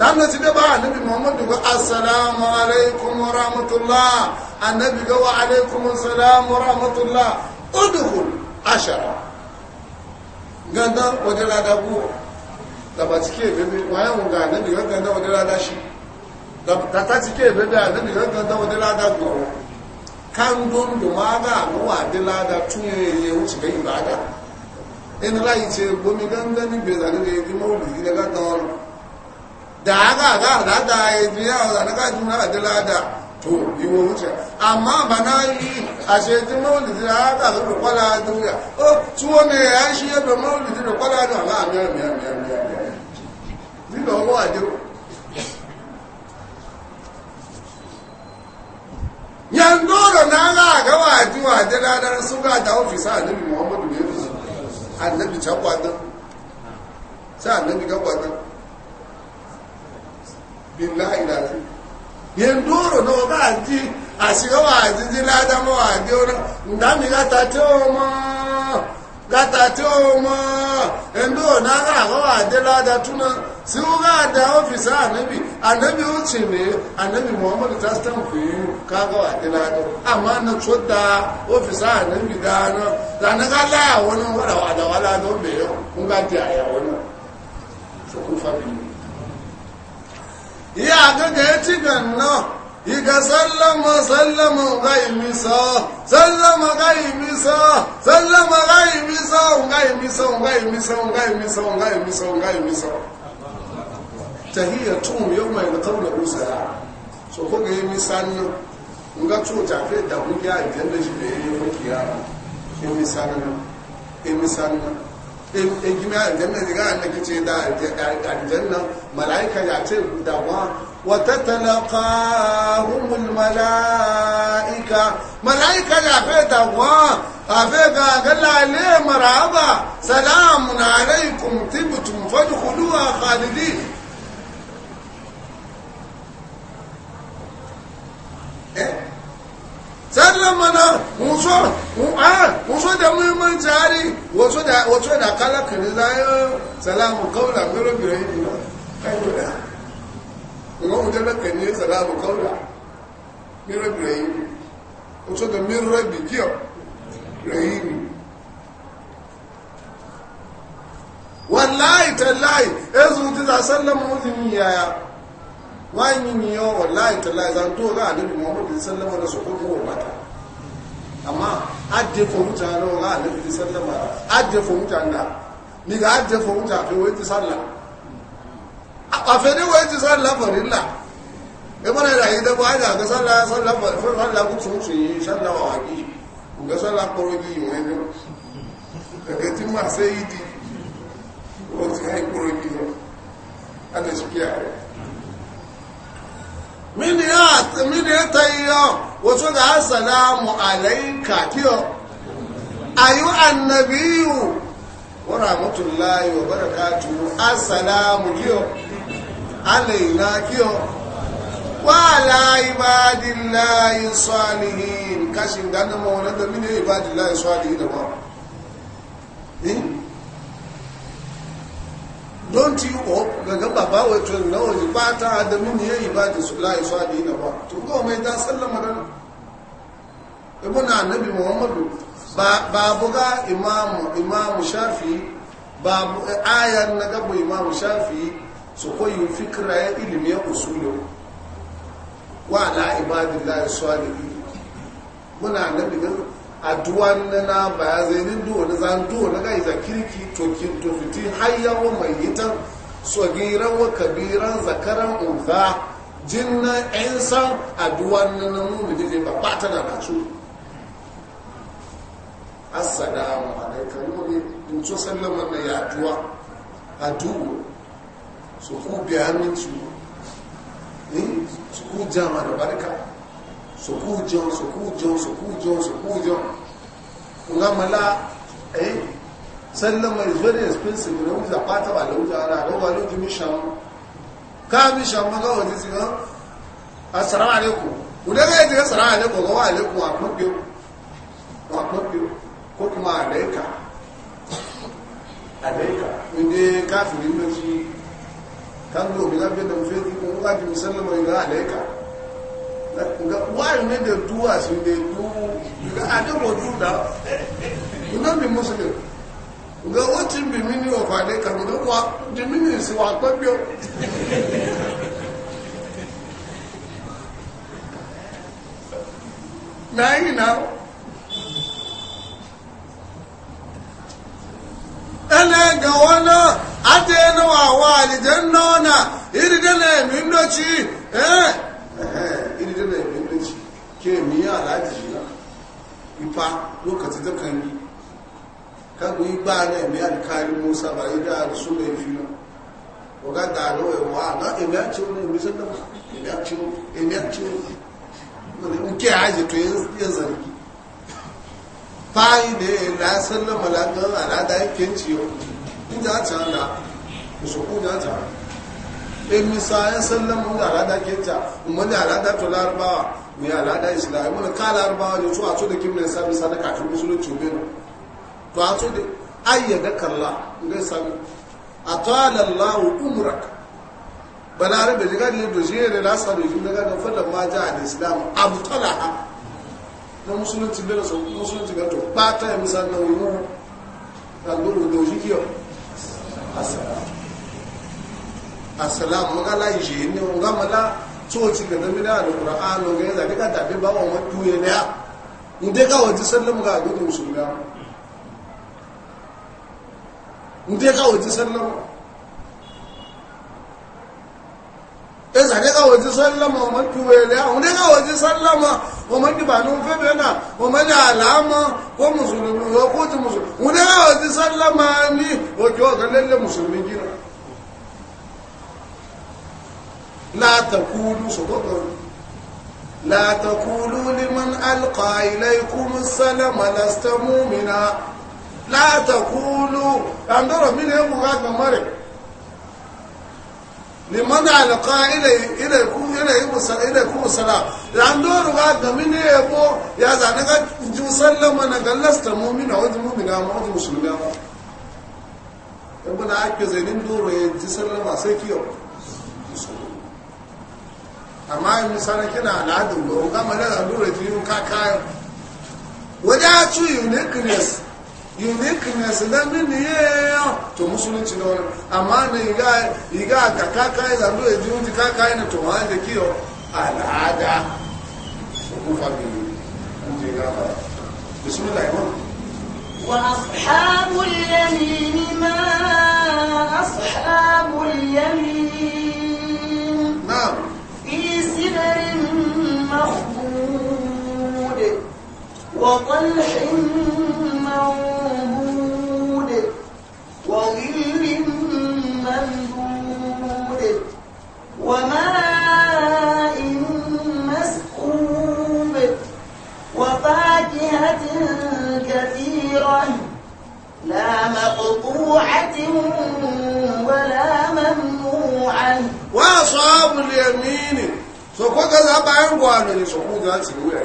dana ti da ba annabi muhammadu ga assalamu alaikum wa rahmatullah annabi ga wa alaikum assalam wa rahmatullah udkhul ashara ganda wadala da bu da ba tike bebe wayan ga annabi ga ganda wadala da shi da ta ta tike bebe annabi ga ganda wadala da go kan don do maga go wadala da tunye ye wuce ga ibada in lai ce gomi ganda ni be da ne ga maulidi daga da aka ga da da ya biya da na juna da lada to wuce amma bana yi a shetin da aka zo da kwala duniya o tuwo ne ya shi ya da maulidi da kwala da a biyar na ga ga wa ji wa da su ga da ofisa muhammadu ne annabi sai annabi billahi lazim yin duro na ba ji asiwa ajiji lada mo ade ona ndami gata ti o mo gata ti o mo endo na ga ho ade lada tuna si o ga da officer anabi anabi o ti ne anabi muhammad ta stamp ka ga ade lada amma na chota officer anabi da na da na ga la wona wala wala wala do be ko ga ti aya wona so ku family ya ga ga ya ci ganna iga sallama sallama ngai misa sallama ngai misa sallama ngai misa ngai misa ngai misa ngai misa ngai misa ngai misa tahiyatum yawma yalqawna usala so ko ga misa no nga tu ta fe da mu ya egime aljanna ne ga annaki ce da aljanna malaika ya ce dawa wa tatalaqahumul malaika malaika ya fe dawa afe ga galale maraba salamun alaikum tibtum fadkhuluha khalidin eh sannan mana wuso a wuso da muhimmanci hari wato da wato da kala kan zayo salamu kaula biro biro yi na kai da kuma mutum da kan ne salamu kaula biro biro yi wato da min rabbi kiyo rahimi wallahi tallahi ezu ta sallamu mutum yaya wọ́n yí ni yọ ọ̀lá ìtọ́lá ìzántó láàdébì wọn mọ́ bìí sẹ́lẹ̀mọ́ lọ sọ̀kọ́ mọ́ òbátà àmá àdé fòmútà lọ láàdébì bìí sẹ́lẹ̀mọ́ àdé fòmútà ńlá nígbà àdé fòmútà àfẹ́wé ti sálà àfẹ́wé ti sálà fọ̀rí ńlá ẹgbọ́n ẹ̀rọ àyídẹ́gbọ́ àjà àgbẹ́ sálà sálà fọ̀rí sálà kùtùkùtù yìí sálà wà wáyé ògbẹ́ sálà kọ́rọ́ mini ya mini ya tayyo wato ga assalamu alayka kiyo ayu annabiyu wa rahmatullahi wa barakatuhu assalamu kiyo alayna kiyo wa ala ibadillahi salihin kashin ganin mawana da mini ibadillahi salihin da ba eh Don don't you hope gaga baba wato na waje ba ta adamu ne yayi ba da sula ya swadi na ba to ko mai da na. dan e na annabi muhammadu ba babu ga imam imam shafi babu e, ayan na gabu imamu shafi su koyi fikra ya ilimi ya usulu wa la ibadillahi salihin muna annabi gaga aduwan na ya zai zainin duwa na zan duwa na ga iza kirki tokin tofiti hayyan wa mai yitan tsogiran wa kabiran zakaran unza jinna yan san aduwan na na mumini ne ba ba tana na su assalamu alaikum wani in so sallama na ya aduwa aduwa su ku biya min su hmm? ku jama da barka sòkú jẹun sòkú jẹun sòkú jẹun sòkú jẹun ngamala eh sallan mai very expensive na wuza fata ba da wuza ana ga wani jimi shan ka mi shan maga wani su ga assalamu alaikum kuda ga yadda assalamu alaikum ga wa alaikum wa mabiyo wa mabiyo ko kuma alaika alaika inda kafirin na shi kan gobe na biyar da mafi ko kuma ji musallama ga alaika why you need to do as you dey do i no go do that you no be muslim go wetin be meaning of you the meaning is na you na ẹnẹ gan wọn náà á dé ẹnu àwọn àlìjẹ náà náà ìdílé mi iri da bai bin dace ke mi ya alhaji shi na ifa lokaci da kan yi kagu yi ba na emi alikari musa ba yi da su mai fi na oga da alo ewa na emi a ci wani wuri sanda emi a ci wani emi a ci wani nke haji to yin zargi bayi ne na sallama lagar alada yake ciyo inda a can da su kun ya can emi sayan sallan mu alada kenta mu ne alada to larbawa mu alada islam mu ka larbawa ne to a to da kimne sabi sada kafin musulunci be to a to da ayyaga kalla ngai sabi atala allah umrak balarabe diga ne do je la sabi jin daga da fallan ma ja al islam na musulunci be so musulunci ga to ta dole do jikiyo asalamu asalamu nga la je ne nga mala so ti ga dami na alquran ga ya daga da bi ba wa wadu ya ne inde ka wadi sallam ga gudu musulma inde ka wadi sallam e zane ka wadi sallam wa man tuwe ne inde ka wadi sallam wa man di banu fe be wa man alama ko musulmi ko ko musulmi inde ka wadi sallam ni o jo ga lalle musulmi gina لا تقولوا صدقوا لا تقولوا لمن ألقى إليكم السلام لست مؤمنا لا تقولوا أندر من يوم غاد غمر لمن ألقى إلي إليكم إليكم السلام أندر غاد من يبغى يا زانك جوسلم أنا قلست مؤمنا وأنت مؤمنا وأنت مسلما يبغى أكيد زين دور جسلم أسيكيو amma yi sana kina al'adun ga oga mana da lura ta uniqueness uniqueness na mini to musulunci na wani amma ka da lura ta yi ka kayan na to da kiyo al'ada su kufa biyu ya gaba bismillah وأصحاب اليمين ما أصحاب اليمين نعم في سدر مخضود وطلح منضود láti lówó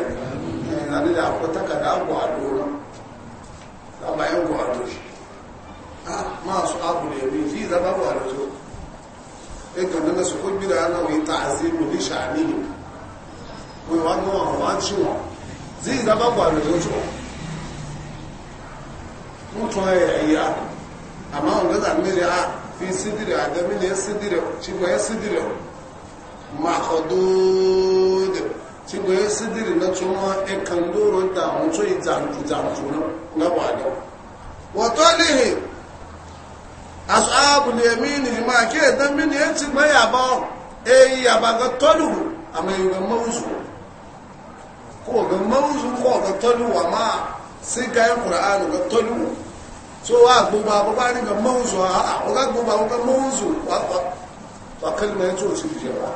gbogbo agbogbo ni ga mawuzu a a ga gbogbo agbogbo mawuzu wa wa kalma yato ci jewa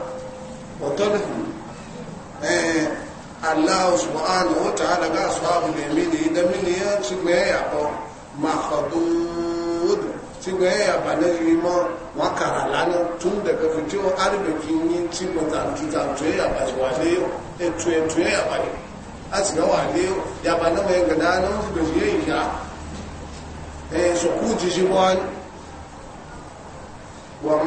wa talhu eh Allah subhanahu wa ta'ala ga ashabu ne mini da mini ya ci me ya ko mahdud ci me ya banaji mo wa karalana tun daga fitiwa arbikin yin ci ko tantu tantu ya ba shi wa ne e tuye tuye ya ba ne a ci ga wa ne ya ba na mai ga da so ji ji wa yi wa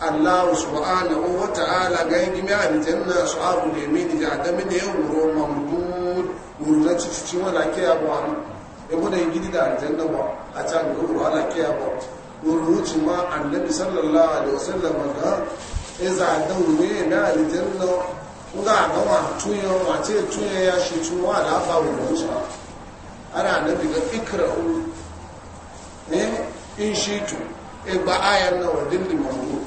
allahu su ba'ana o wata ala ga a rijiyar na su abu da yi mini jada mini ya wuro ma mutu wuro na cikin wala ke ya buwa ni ya buda yi da rijiyar na ba a can ga wuro ala ke ya buwa wuro rujin ma an da bisar lalawa da wasu lamarga ya a da wuro ya a rijiyar na wuga a gama tunye wace tunye ya shi tun wa alafa wuro wuce ana nabi ga ikra'u eh in shitu e ba ayan na wadin da mamu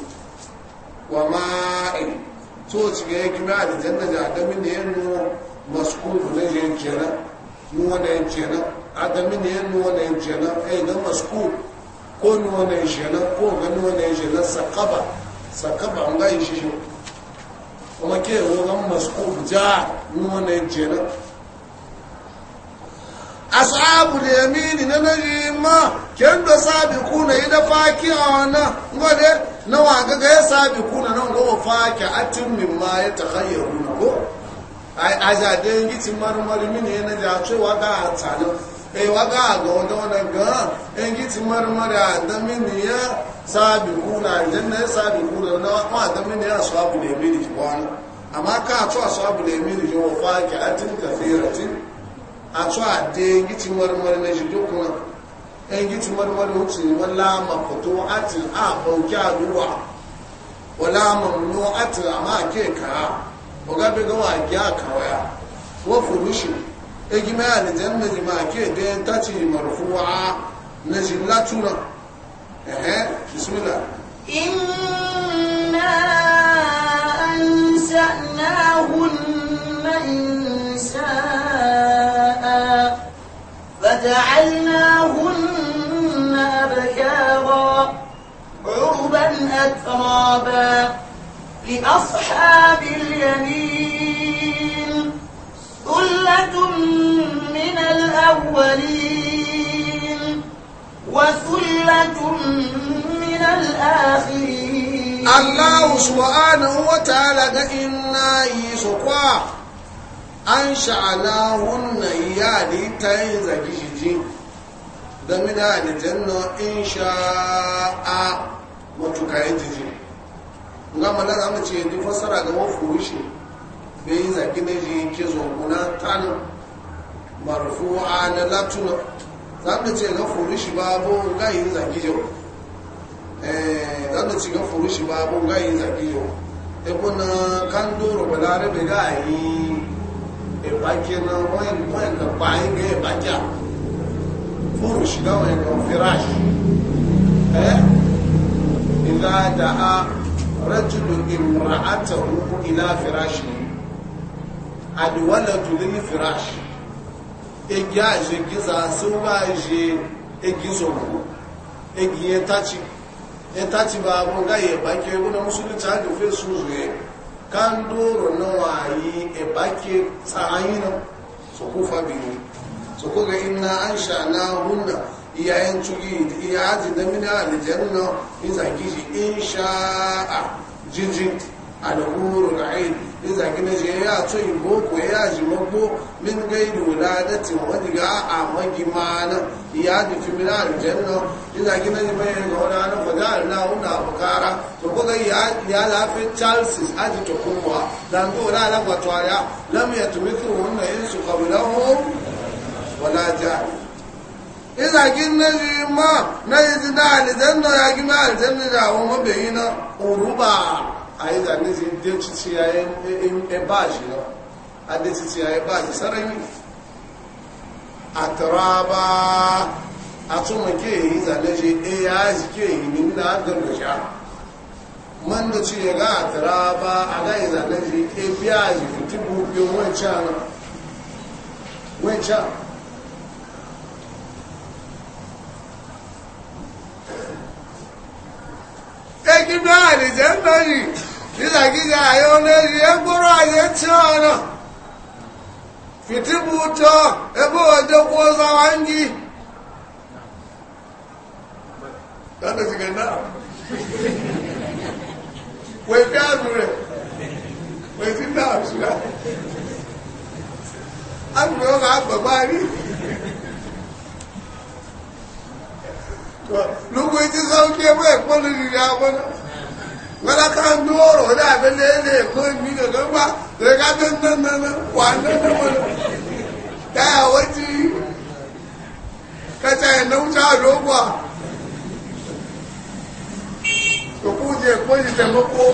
wa ma'in to ci ga yake ma da janna da adamin ne yanno maskuru ne yin kenan nuwa ne yin kenan adamin ne yanno ne yin kenan eh dan maskuru ko nuwa ne yin kenan ko ga nuwa ne yin kenan sakaba sakaba an ga yin shi kuma ke wo gan maskuru ja nuwa ne yin kenan ashabu da yamini na najima kin da sabi kuna ida faki a wannan gode na waga ga ya sabi kuna nan go faki atin min ma ya takhayyaruna ko ai aja da yiti marmari mini na ja ce waga tsalo eh waga ga wanda wanda ga yiti marmari da mini ya sabi kuna janna ya sabi kuna na ma da ya sabi da yamini ko amma ka to sabi da yamini jo faki atin kafiratin a tso a de giti marmari na shi dukkan ɗan giti marmari wuce wala mafato ati a bauki a duwa wala mamno ati a ma ke ka oga bi gawa gya kawaya wa furushi egi mai ya na ji ma ke da ta ce marfuwa na ji latuna ehe bismillah inna ansa'nahunna insa'a فجعلناهن أبكارا عربا أترابا لأصحاب اليمين ثلة من الأولين وثلة من الآخرين الله سبحانه وتعالى إنا يسقى an sha'ala wannan yadi ta yin zagi shiji don mina da janna in sha'a matuka yin jiji ga za mu ce yanzu fassara ga wafu rushe bai yin zagi na ji ke zonguna tanu marfu'a na latuna za mu ce ga furushi babu ga yin zagi yau eh, za mu ce ga furushi babu ga yin zagi yau ebe na kan doro bai ga yi ẹ̀wà jẹ́ náà wọ́n ẹ̀kọ́ ẹ̀kọ́ pa ẹgbẹ́ ẹ̀bá jà fóònù ṣìgáwọn ẹ̀kọ́ fíráṣì ẹ́ ìlàdà á rẹ́jùlù ìmúra àtẹ̀wò ìlà fíráṣì àdìwọ́lẹ̀ tùlí ní fíráṣì egi àṣẹ gíza síwá ṣe egi sọ̀rọ̀ egi ẹ̀tàchi ẹ̀tàchi bá wọn gáyẹ̀ bá kí ẹgbẹ́ náà mùsùlùmí tàbí fẹ́ sùn rẹ̀ kan doro na waye e bake tsayin su ku fa biyu su ku ga inna an sha na hunna iyayen cugi iya da mina aljanna in zaki shi in sha sha'a jijin alhurul ain ni zaki na je ya to yi boko ya ji mako min gaidi wuladati wani ga a magimana ya ji fi mina aljanna ni zaki na je bayan ga wani ana faga allah una bukara to ko ga ya lafi charles aji to kuma dan do na la kwatwa ya lam yatmithu hunna insu qablahum wala ja. ina gin na yi ma na yi zina al'janna ya gina alijanna da awon mabayi na uruba Ayi da vez em diante se é embaixo, a desse se é será que atraba a tuma que isso a lei é a que ele na dando já mando ci ga atraba a ga a lei é viagem tipo o wancan wancan egi bla alijan lori nisa giga ayo lori egboro aye ti ona fitibu to ebo ojo ko zawangi dada siga na we fi azure we ti na azure azure o ga agbagba ri lokaci sauke mai kwallon ya wani wala kan doro da abin da ya ne ko mi da gaba da gadon nan nan nan wannan nan wani ta ya wace ka ta a dogwa to ku je kwalli taimako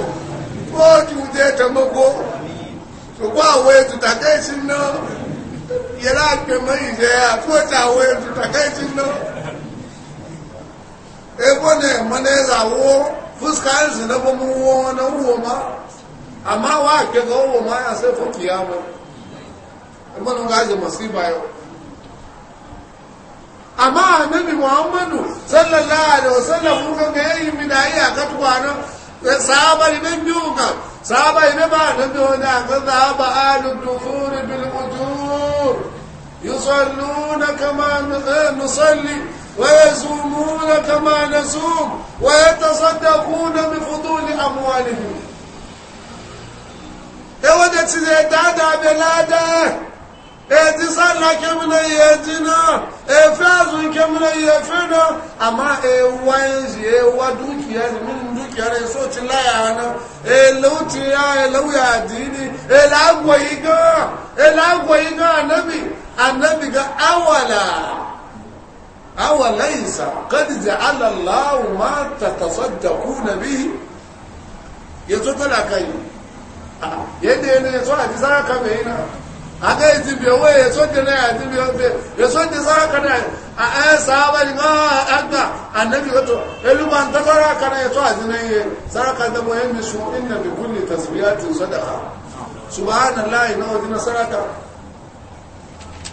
ko ki wuce taimako to kwa waye tu ta kai shi nan yana kai mai ya ko ta ebo ne mana ya zawo fuska yin na ba mu wo na wo ma amma wa ke ga wo ma ya sai fuki ya mu amma nun gaje masiba yau amma annabi muhammadu sallallahu alaihi wasallam mun ga ga yayin bidai ya ka tuwana e sahaba ne biuka sahaba ne ba da biwana ga sahaba alu dufur bil ujur yusalluna kama nusalli e ويصومون كما نصوم ويتصدقون بفضول أموالهم ewede ti le dada be lada eti sala kemina yejina efe azun kemina yefina ama ewa enzi ewa dukiya ni min dukiya ne so ti laya na elewu ti ya elewu ya awa laisa kad ja'ala Allahu ma tatasaddaquna bihi yazo tana kai yadda yana yazo a jisa ka mai na aga yaji biyo wai yazo da na yaji biyo be yazo da sa ka na a a sahaban ga aga annabi wato elu ban ta fara kana yazo na saraka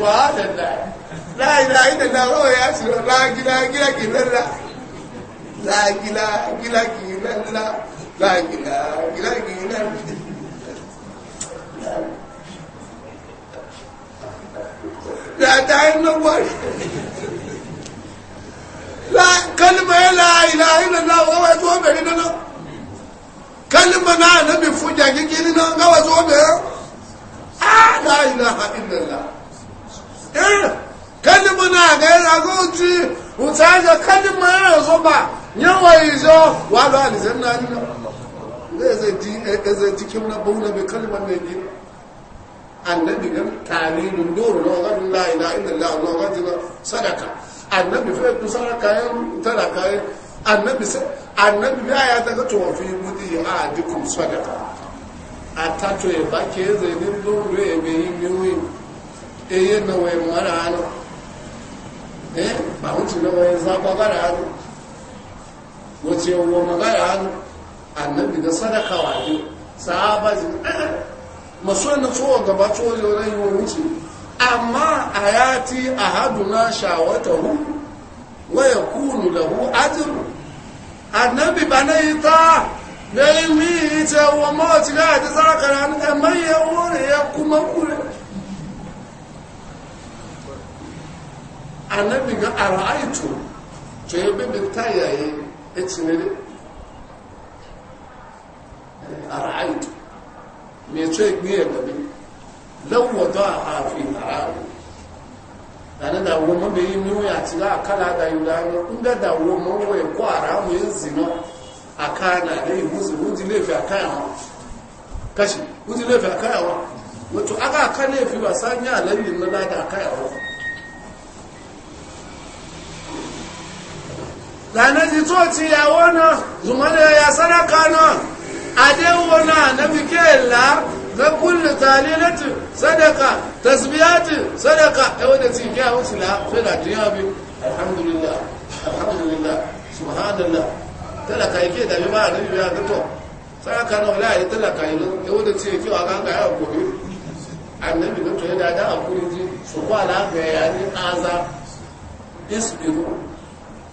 wàhálàlá láìláìdàlá ọ̀rọ̀ ya sọ̀rọ̀ láàgíláàgíláàgì lọ́la láàgíláàgíláàgì lọ́la láàgíláàgíláàgì lọ́la láàdáyé lọ́wọ́ rẹ̀ kálùmọ̀ yẹ́ láìláìdàlá ọwọ́ ẹ̀tọ́ ọbẹ̀rin náà kálùmọ̀ náà lọ́bì fún jàgígí nínú gáwà tó ọbẹ̀rin ah láìláìdàlá Eh, kalima na ga ina goji mutaja kalima yana so ba yawa izo wa ni na zai ti zai ti kimna bauna bi kalimar ne ni annabi ga tare dun doro na ga la ilaha illallah Allah ga jina sadaka annabi fa ku sadaka yan eh, talaka yan eh. annabi ya ya ta ga to fi budi a dukum sadaka eye na wee mara anụ Eh, ma wuce na wee zakwa gara anụ wace wo magara hannu annabi da sadaka wato sahaba ji eh, eh. maso na tsoho gaba tsoho yau yi wa wuce amma ayati yati a haduna shawata hu waya kunu da hu ajiru annabi ba na yi ta na yi mi yi ce wa mawaci ga ya sadaka na hannu kamar ya wuri ya kuma kure annabi ga ara'aitu to ya bebe yayi ya ci ne ara'aitu me ce gbiye gabe lawwada a fi na'ari dana da wo mabe yi ni ya ci la kala da yuda ne inda da wo mo wo e ko ara mu yin zina akana ne yuzu wuji le fi akana kashi wuji le fi akana wato aka akana fi ba sanya alalin na da akana lànà ya tó ti ya náà zùmọ́lẹ̀ ya sáràkà náà na náà nàbí ga kullu talilati sadaka tasbiyati sadaka ẹwọ́ da ti kí àwọn sílá da dìyà bí alhamdulillah alhamdulillah subhanallah talaka yake da bi ma a nabi ya gato sadaka na wala ya talaka yi ẹwọ́ da ci kí wa ganga ya gobe annabi gato ya dada a kuri ji su kwala ga yayin aza isbiru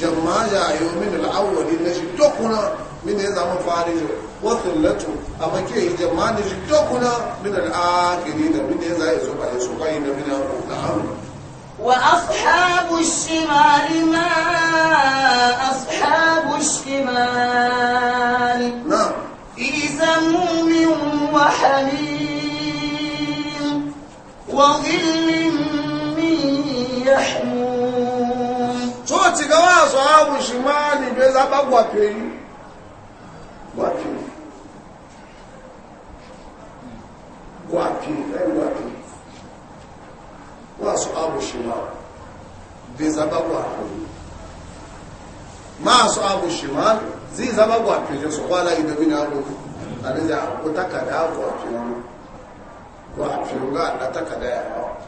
جماعة يومين الأول نجي تقنا من هذا مفارج وثلته أما كي جماعة نجي تقنا من الآخرين من هذا يسوبا يسوبين من أمور نعم. وأصحاب الشمال ما أصحاب الشمال نعم في سموم وحليل وظل من يحمون tó ti ga wá sọ àwọn ṣùgbọ́n nìgbé lábá gbàpè yìí gbàpè gbàpè ẹ gbàpè wá sọ àwọn ṣùgbọ́n bí lábá gbàpè yìí máa sọ àwọn ṣùgbọ́n zí lábá gbàpè yìí sọ wá láyé dẹ́bí ní àwọn àdéjà kó tákàdá gbàpè wọn gbàpè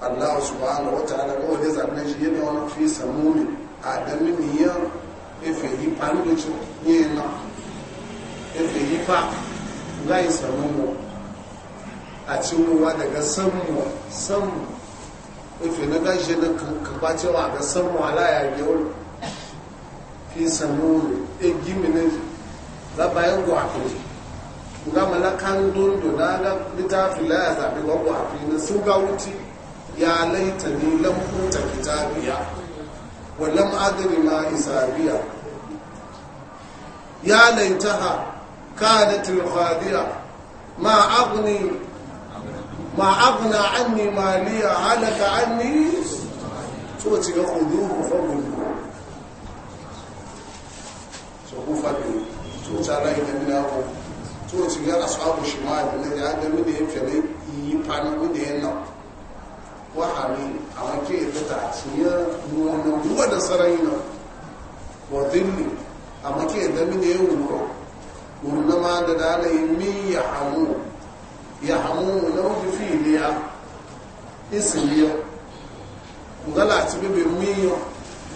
Allah subhanahu wa ta'ala ko wani zaɓen shi yana wani fi samuni a dan mi ya efe yi paru da cin yana efe yi fa lai samuni a cinuwa daga samu samu efe na gashi na kabacewa ga samu ala ya ge wani fi samuni e gimi ne za bayan gwafi ga malakan dundu na littafi laya zaɓi gwagwafi na sun ga wuti ya laita ni lam huta kitabiya wa lam adri ma isabiya ya laitaha kanat al-khadira ma aghni ma aghna anni maliya halaka anni to ti ga khuduhu fadlu so ku fadi to ta la ina na ko so ti ga ashabu shimali ne ya da mu da yake ne yi fani mu da yana wa harin a wake da ta ciye wannan ruwa da sarai na wa zilli a make da mini ya wuro wurna ma da dalai min ya hamu ya hamu na wuce filiya isiliya ngala ci bebe min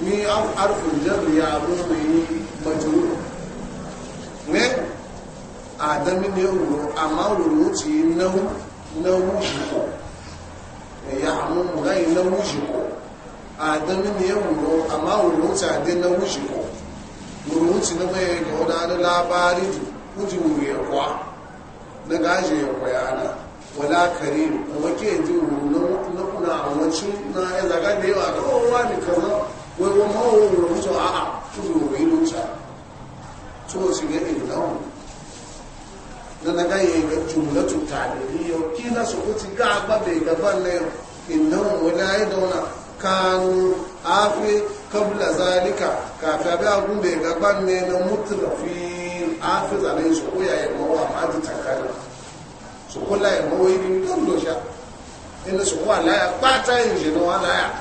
min an arfin jarriya rumi majuru ne a da mini ya wuro amma wuro ci nahu nahu shi ko. ya amu mu ga ina wuji ko a dan ne ya wuro amma wuro ta da na wuji ko wuro ci na mai ga wani labari wuji wuri ya kwa na gaji ya kwa yana wala karim kuma ke ji wuro na kuna a wancin na ya zaga da yawa ga kowa ne kaza wai wa mawa wuro mutu a'a wuji wuro ya lucha to ga ilahun na daga yi ga jumlatu talibiyyo kila su kuci ga agbabe gaban na yau innan wala yi da wani kanu afi kabla zalika kafin abin abin da ya gaban ne na mutrafi afi zalai su koya ya mawa ma ji takari su kula ya mawa yi biyu don dosha inda su kowa laya bata yin shi na wa laya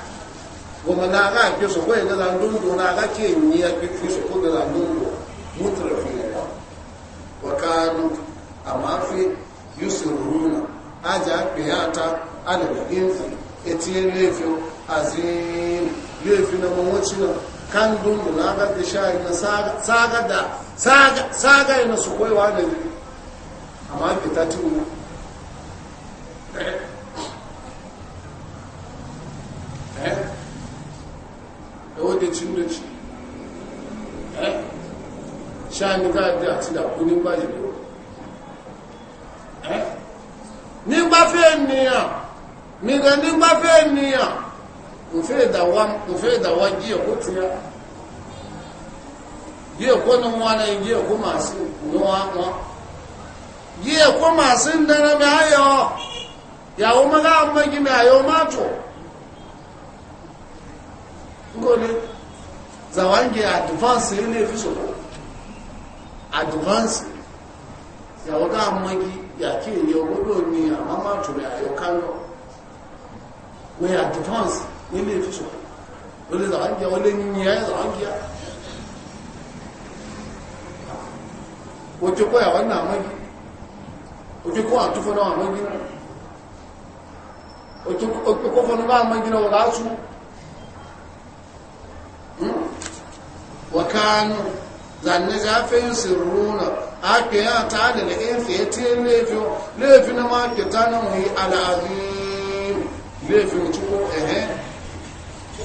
goma na aga ke su koya ga zandundu na aga ke yi ya fi su koya ga zandundu mutrafi ne ba wa kanu amma fi yusiruna aja qiyata ala infi etin lefi azin lefi na mawaci na kan dundu na ga da shayi na saga da saga saga ina su koywa da ni amma ke ta tu eh da wadda cin da ci eh sha ni ga da ci da kunin baji nígbà ènìyàn nígbà fẹ́ ènìyàn kò jí ẹ̀kọ́ ti rá jí ẹ̀kọ́ ni wọ́n náà jí ẹ̀kọ́ máa sí ní wọ́n wọ́n jí ẹ̀kọ́ máa sí ń dára bí ayọ̀ ìyàwó mọ́gá mọ́gí mi zawange advance ne fi advance ìyàwó ká yàkí ìlẹ̀ ogúnlò ní àwọn máa jùlẹ̀ àyọkálọ̀ wọ́n yà dìfáǹsì nílé ìfisọ̀ olè zàwájá olè ní ẹ̀ zàwájá ojúkọ́ yà wọ́n náà mọ́gí ojúkọ́ àtúfọ́ náà mọ́gí ojúkọ́ fọ́nà náà mọ́gí náà wọ́n láásù hmm? wọ́n káánù zanne ja fayin sirruna ake ya ta da na in fiye ta yin laifi laifi na ma ke ta na muhi al'azim laifi mutu ko ehe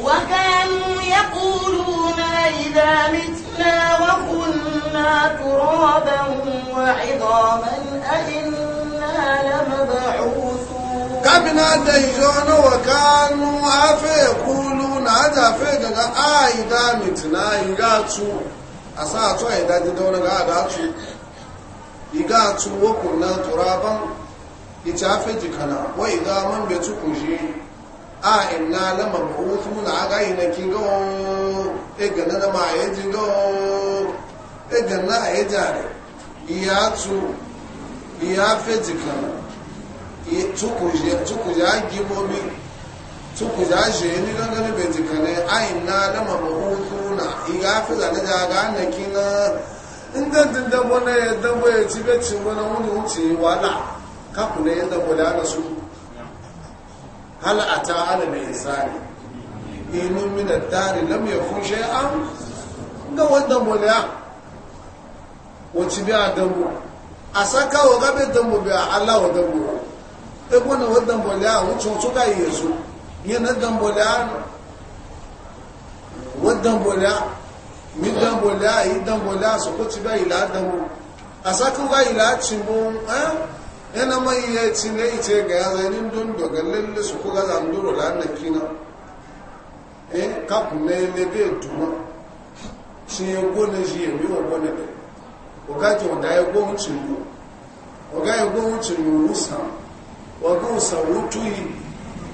وكانوا يقولون إذا متنا وكنا ترابا وعظاما أئنا لمبعوثون كابنا ديجون وكانوا أفيقولون هذا فيقا آئدا متنا إغاتوا asa atu ayi dadi dɔɔni ka ada atu iga atu wo turaban ita afe jikana wa iga man bɛ tu kunshi a ina lama ko na aga yi na kinga o e na ma ayi jinga o e gana ayi jare iya atu iya afe jikana tukunshi a suku jaje ni gangane benzikane ayin na lama mahutu na iga fi zane jaga annaki na inda dindan wani ya dabo ya ci beci wani wani wuce wala kaku ne ya dabo da ana su halata a ta ala na insani inu mina tari lam ya fushe an ga wanda mulya wace biya dambo a saka wa gabe dambo biya allah wa dambo ebe wani wadda mulya wuce wuce ga yi yasu yana dambola wa dambola mi dambola yi dambola so ko ti ba ila dambo asatu ga ila chimbo eh yana mai ya ci ne ice ga yaza ni don daga lalle su ko ga zamduro la na kina eh ka ku ne ne be duma shi ya gona shi ya biyo gona ne o ka ki wanda ya gona chimbo o ga ya gona chimbo musa wa gona sa wutuyi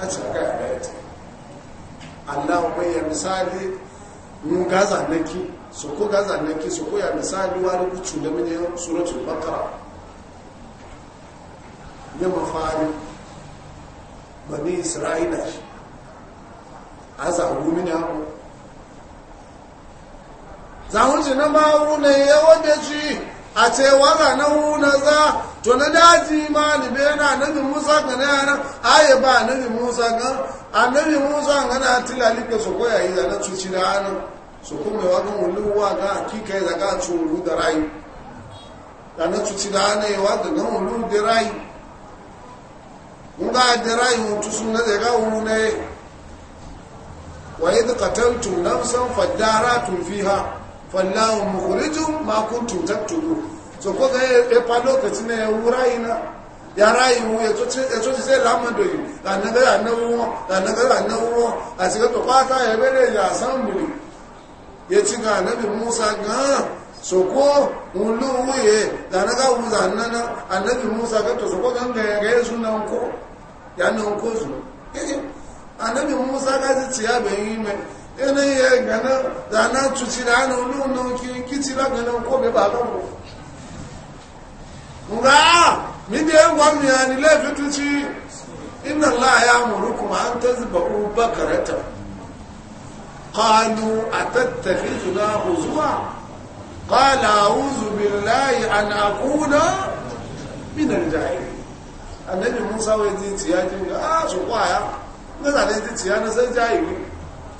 a cika a ayati Allah ko ya misali mun gaza naki so ko gaza naki so ko ya misali wa rubutu da mun suratul bakara ne mafari bani isra'ila zaru mini abu zawun shi na ma'aunai yawon da ji a ce waga na huna za to na daji ma ni be na nabi musa ga na yana aye ba nabi musa ga annabi musa ga na tilali ka so koya yi na cuci da hannu. so kuma ya ga muluwa ga hakika ya ga tsoro da rai da na cuci da hannu ya ga ga mulu da rai mun ga da rai mutu sun na da ga wuru ne wa idh qataltum nafsan fadaratu fiha wallahu mukhrijum ma kuntum taktubu so ko ga e, e pa lokaci ne e wura ina ya rayi mu ya e toce ya toce sai lamando yi da na ga na wo da na ga na wo a cikin to kwata ya bere ya san mu ya ci ga nabi Musa ga so ko mun luwuye da na ga wuza nan annabi Musa ga to so ko ga ga ya sunan ko ya nan ko su annabi Musa ga ci ya bayin mai yanayi gana da na cuci da ana nuna kici lagana ko bai ba don mu nga mi da yan gwamni ya ni e laifin tuci inna la ya muru kuma an ta zuba ku bakarata qalu atattakhiduna huzwa qala a'udhu billahi an akuna min al-jahil annabi musa wai ji tiya ah, ji a su kwaya na zane ji tiya na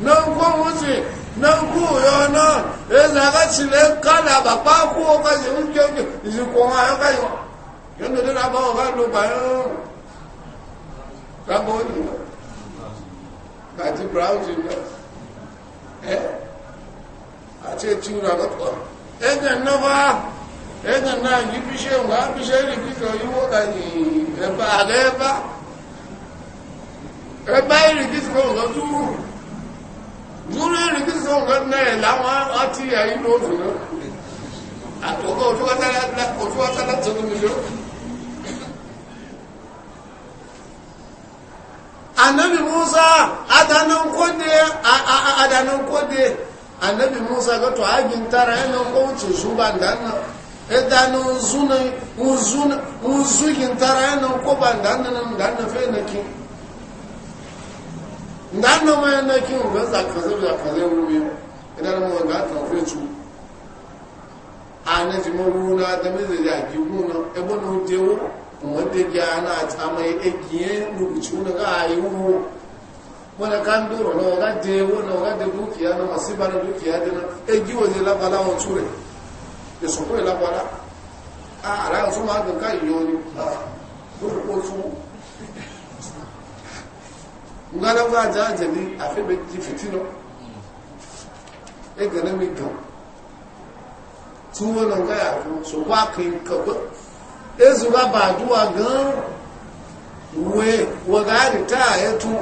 nan kó wuce nan kú yọ náà ẹ̀sìn akáṣílẹ̀ kálà bàbá kú ọkọ̀ sí ń kí ọkọ̀ ìsìnkú wọn ayọ́kọ̀ yọ yọ́n tó dínà bá wọn bá lò bá yọ́n rábọ̀ òní àti bráùsì lọ ẹ́ àti etí rà lọ́pọ̀ múlò ìrìnkí sọ nǹkan náà láwọn ọtí ayé ló fi lọ àtọkọ òtúwátálá tó tóbi lọ. annabi musa adanan kode adanan kode annabi musa ga to agin tara yana ko wuce su ba danna edanu zuna uzuna uzugin tara yana ko ba danna nan danna fe nake nga e no ma na ki un ga za ka za ka za wu bi ina mo ga ka fe chu ana ji mo wu na da me ze ya ji wu na e bo no de wu mo de ga na ta ma e gi e lu chu na ga ai wu mo na kan du ro no ga de wu no ga de du na du ki ya de na e gi wo ze re e so a ara so ma ga ka yo ni ko ko ngana nga ja ni afi be ji fitino e gana mi kan tuwo na nga ya ko so wa kin ka ko e zu ba ba duwa gan we wa ga ri ta ya tu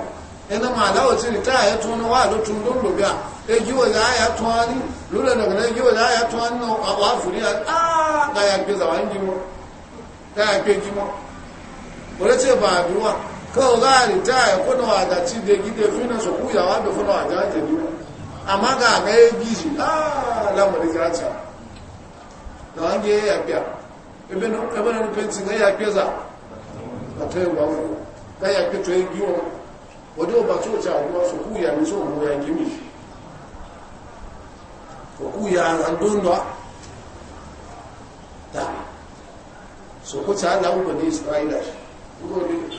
ena ma da o ti ri ta ya tu no wa lo tun don lo ga e ji wa ga ya tu ani lo na ga ji wa ga ya tu ani no wa fu ri ga ya gbe za wa nji mo ga ya gbe ji mo o le ba duwa kawai za a ritaya kuna wadaci da gide fina su kuya wadda kuna wadaci biyu amma ga ga e ah, ya gishi e a lamarin zace da ya to kuya so mu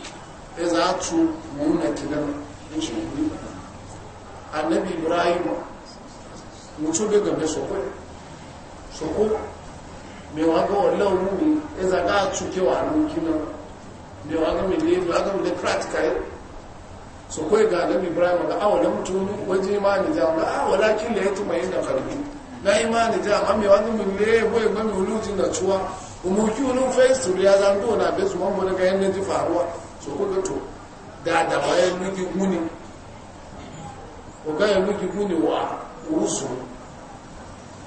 ya za a tu wuna kinan wuce wuri annabi ibrahim mutu bi gambe soko soko me wa ga wallan wuri ya za ga tu ke wa nu kinan me wa ga mi le wa ga mi le practical so kai ga annabi ibrahim ga awalan ah, mutum waje ma ni ja ga ah, awalakin la yatu mai da kalbi na imani ja amma me wa ga mi le boye ba mi uluti na chuwa umuki ulun face ya zan dona bezu mambo na ga yanne ji faruwa so kuka to da da bayan ko ga ya wa uzu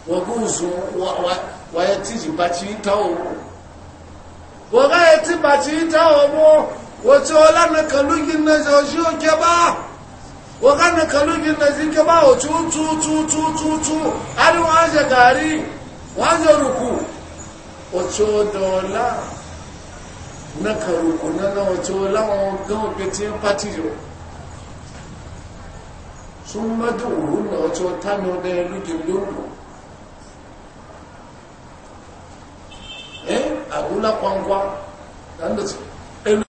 wa guzu wa wa ya tiji bachi tawo ko ga ya bachi tawo mo na kalugin na jojo ke ba ko ga na kalugin na zin ke ba o tu tu tu tu tu tu ari wa gari wa ruku o to na karuku na na wato lawan gama betin patijo sun madu na wato tano da ya lugi lungu eh a gula kwankwa dan da su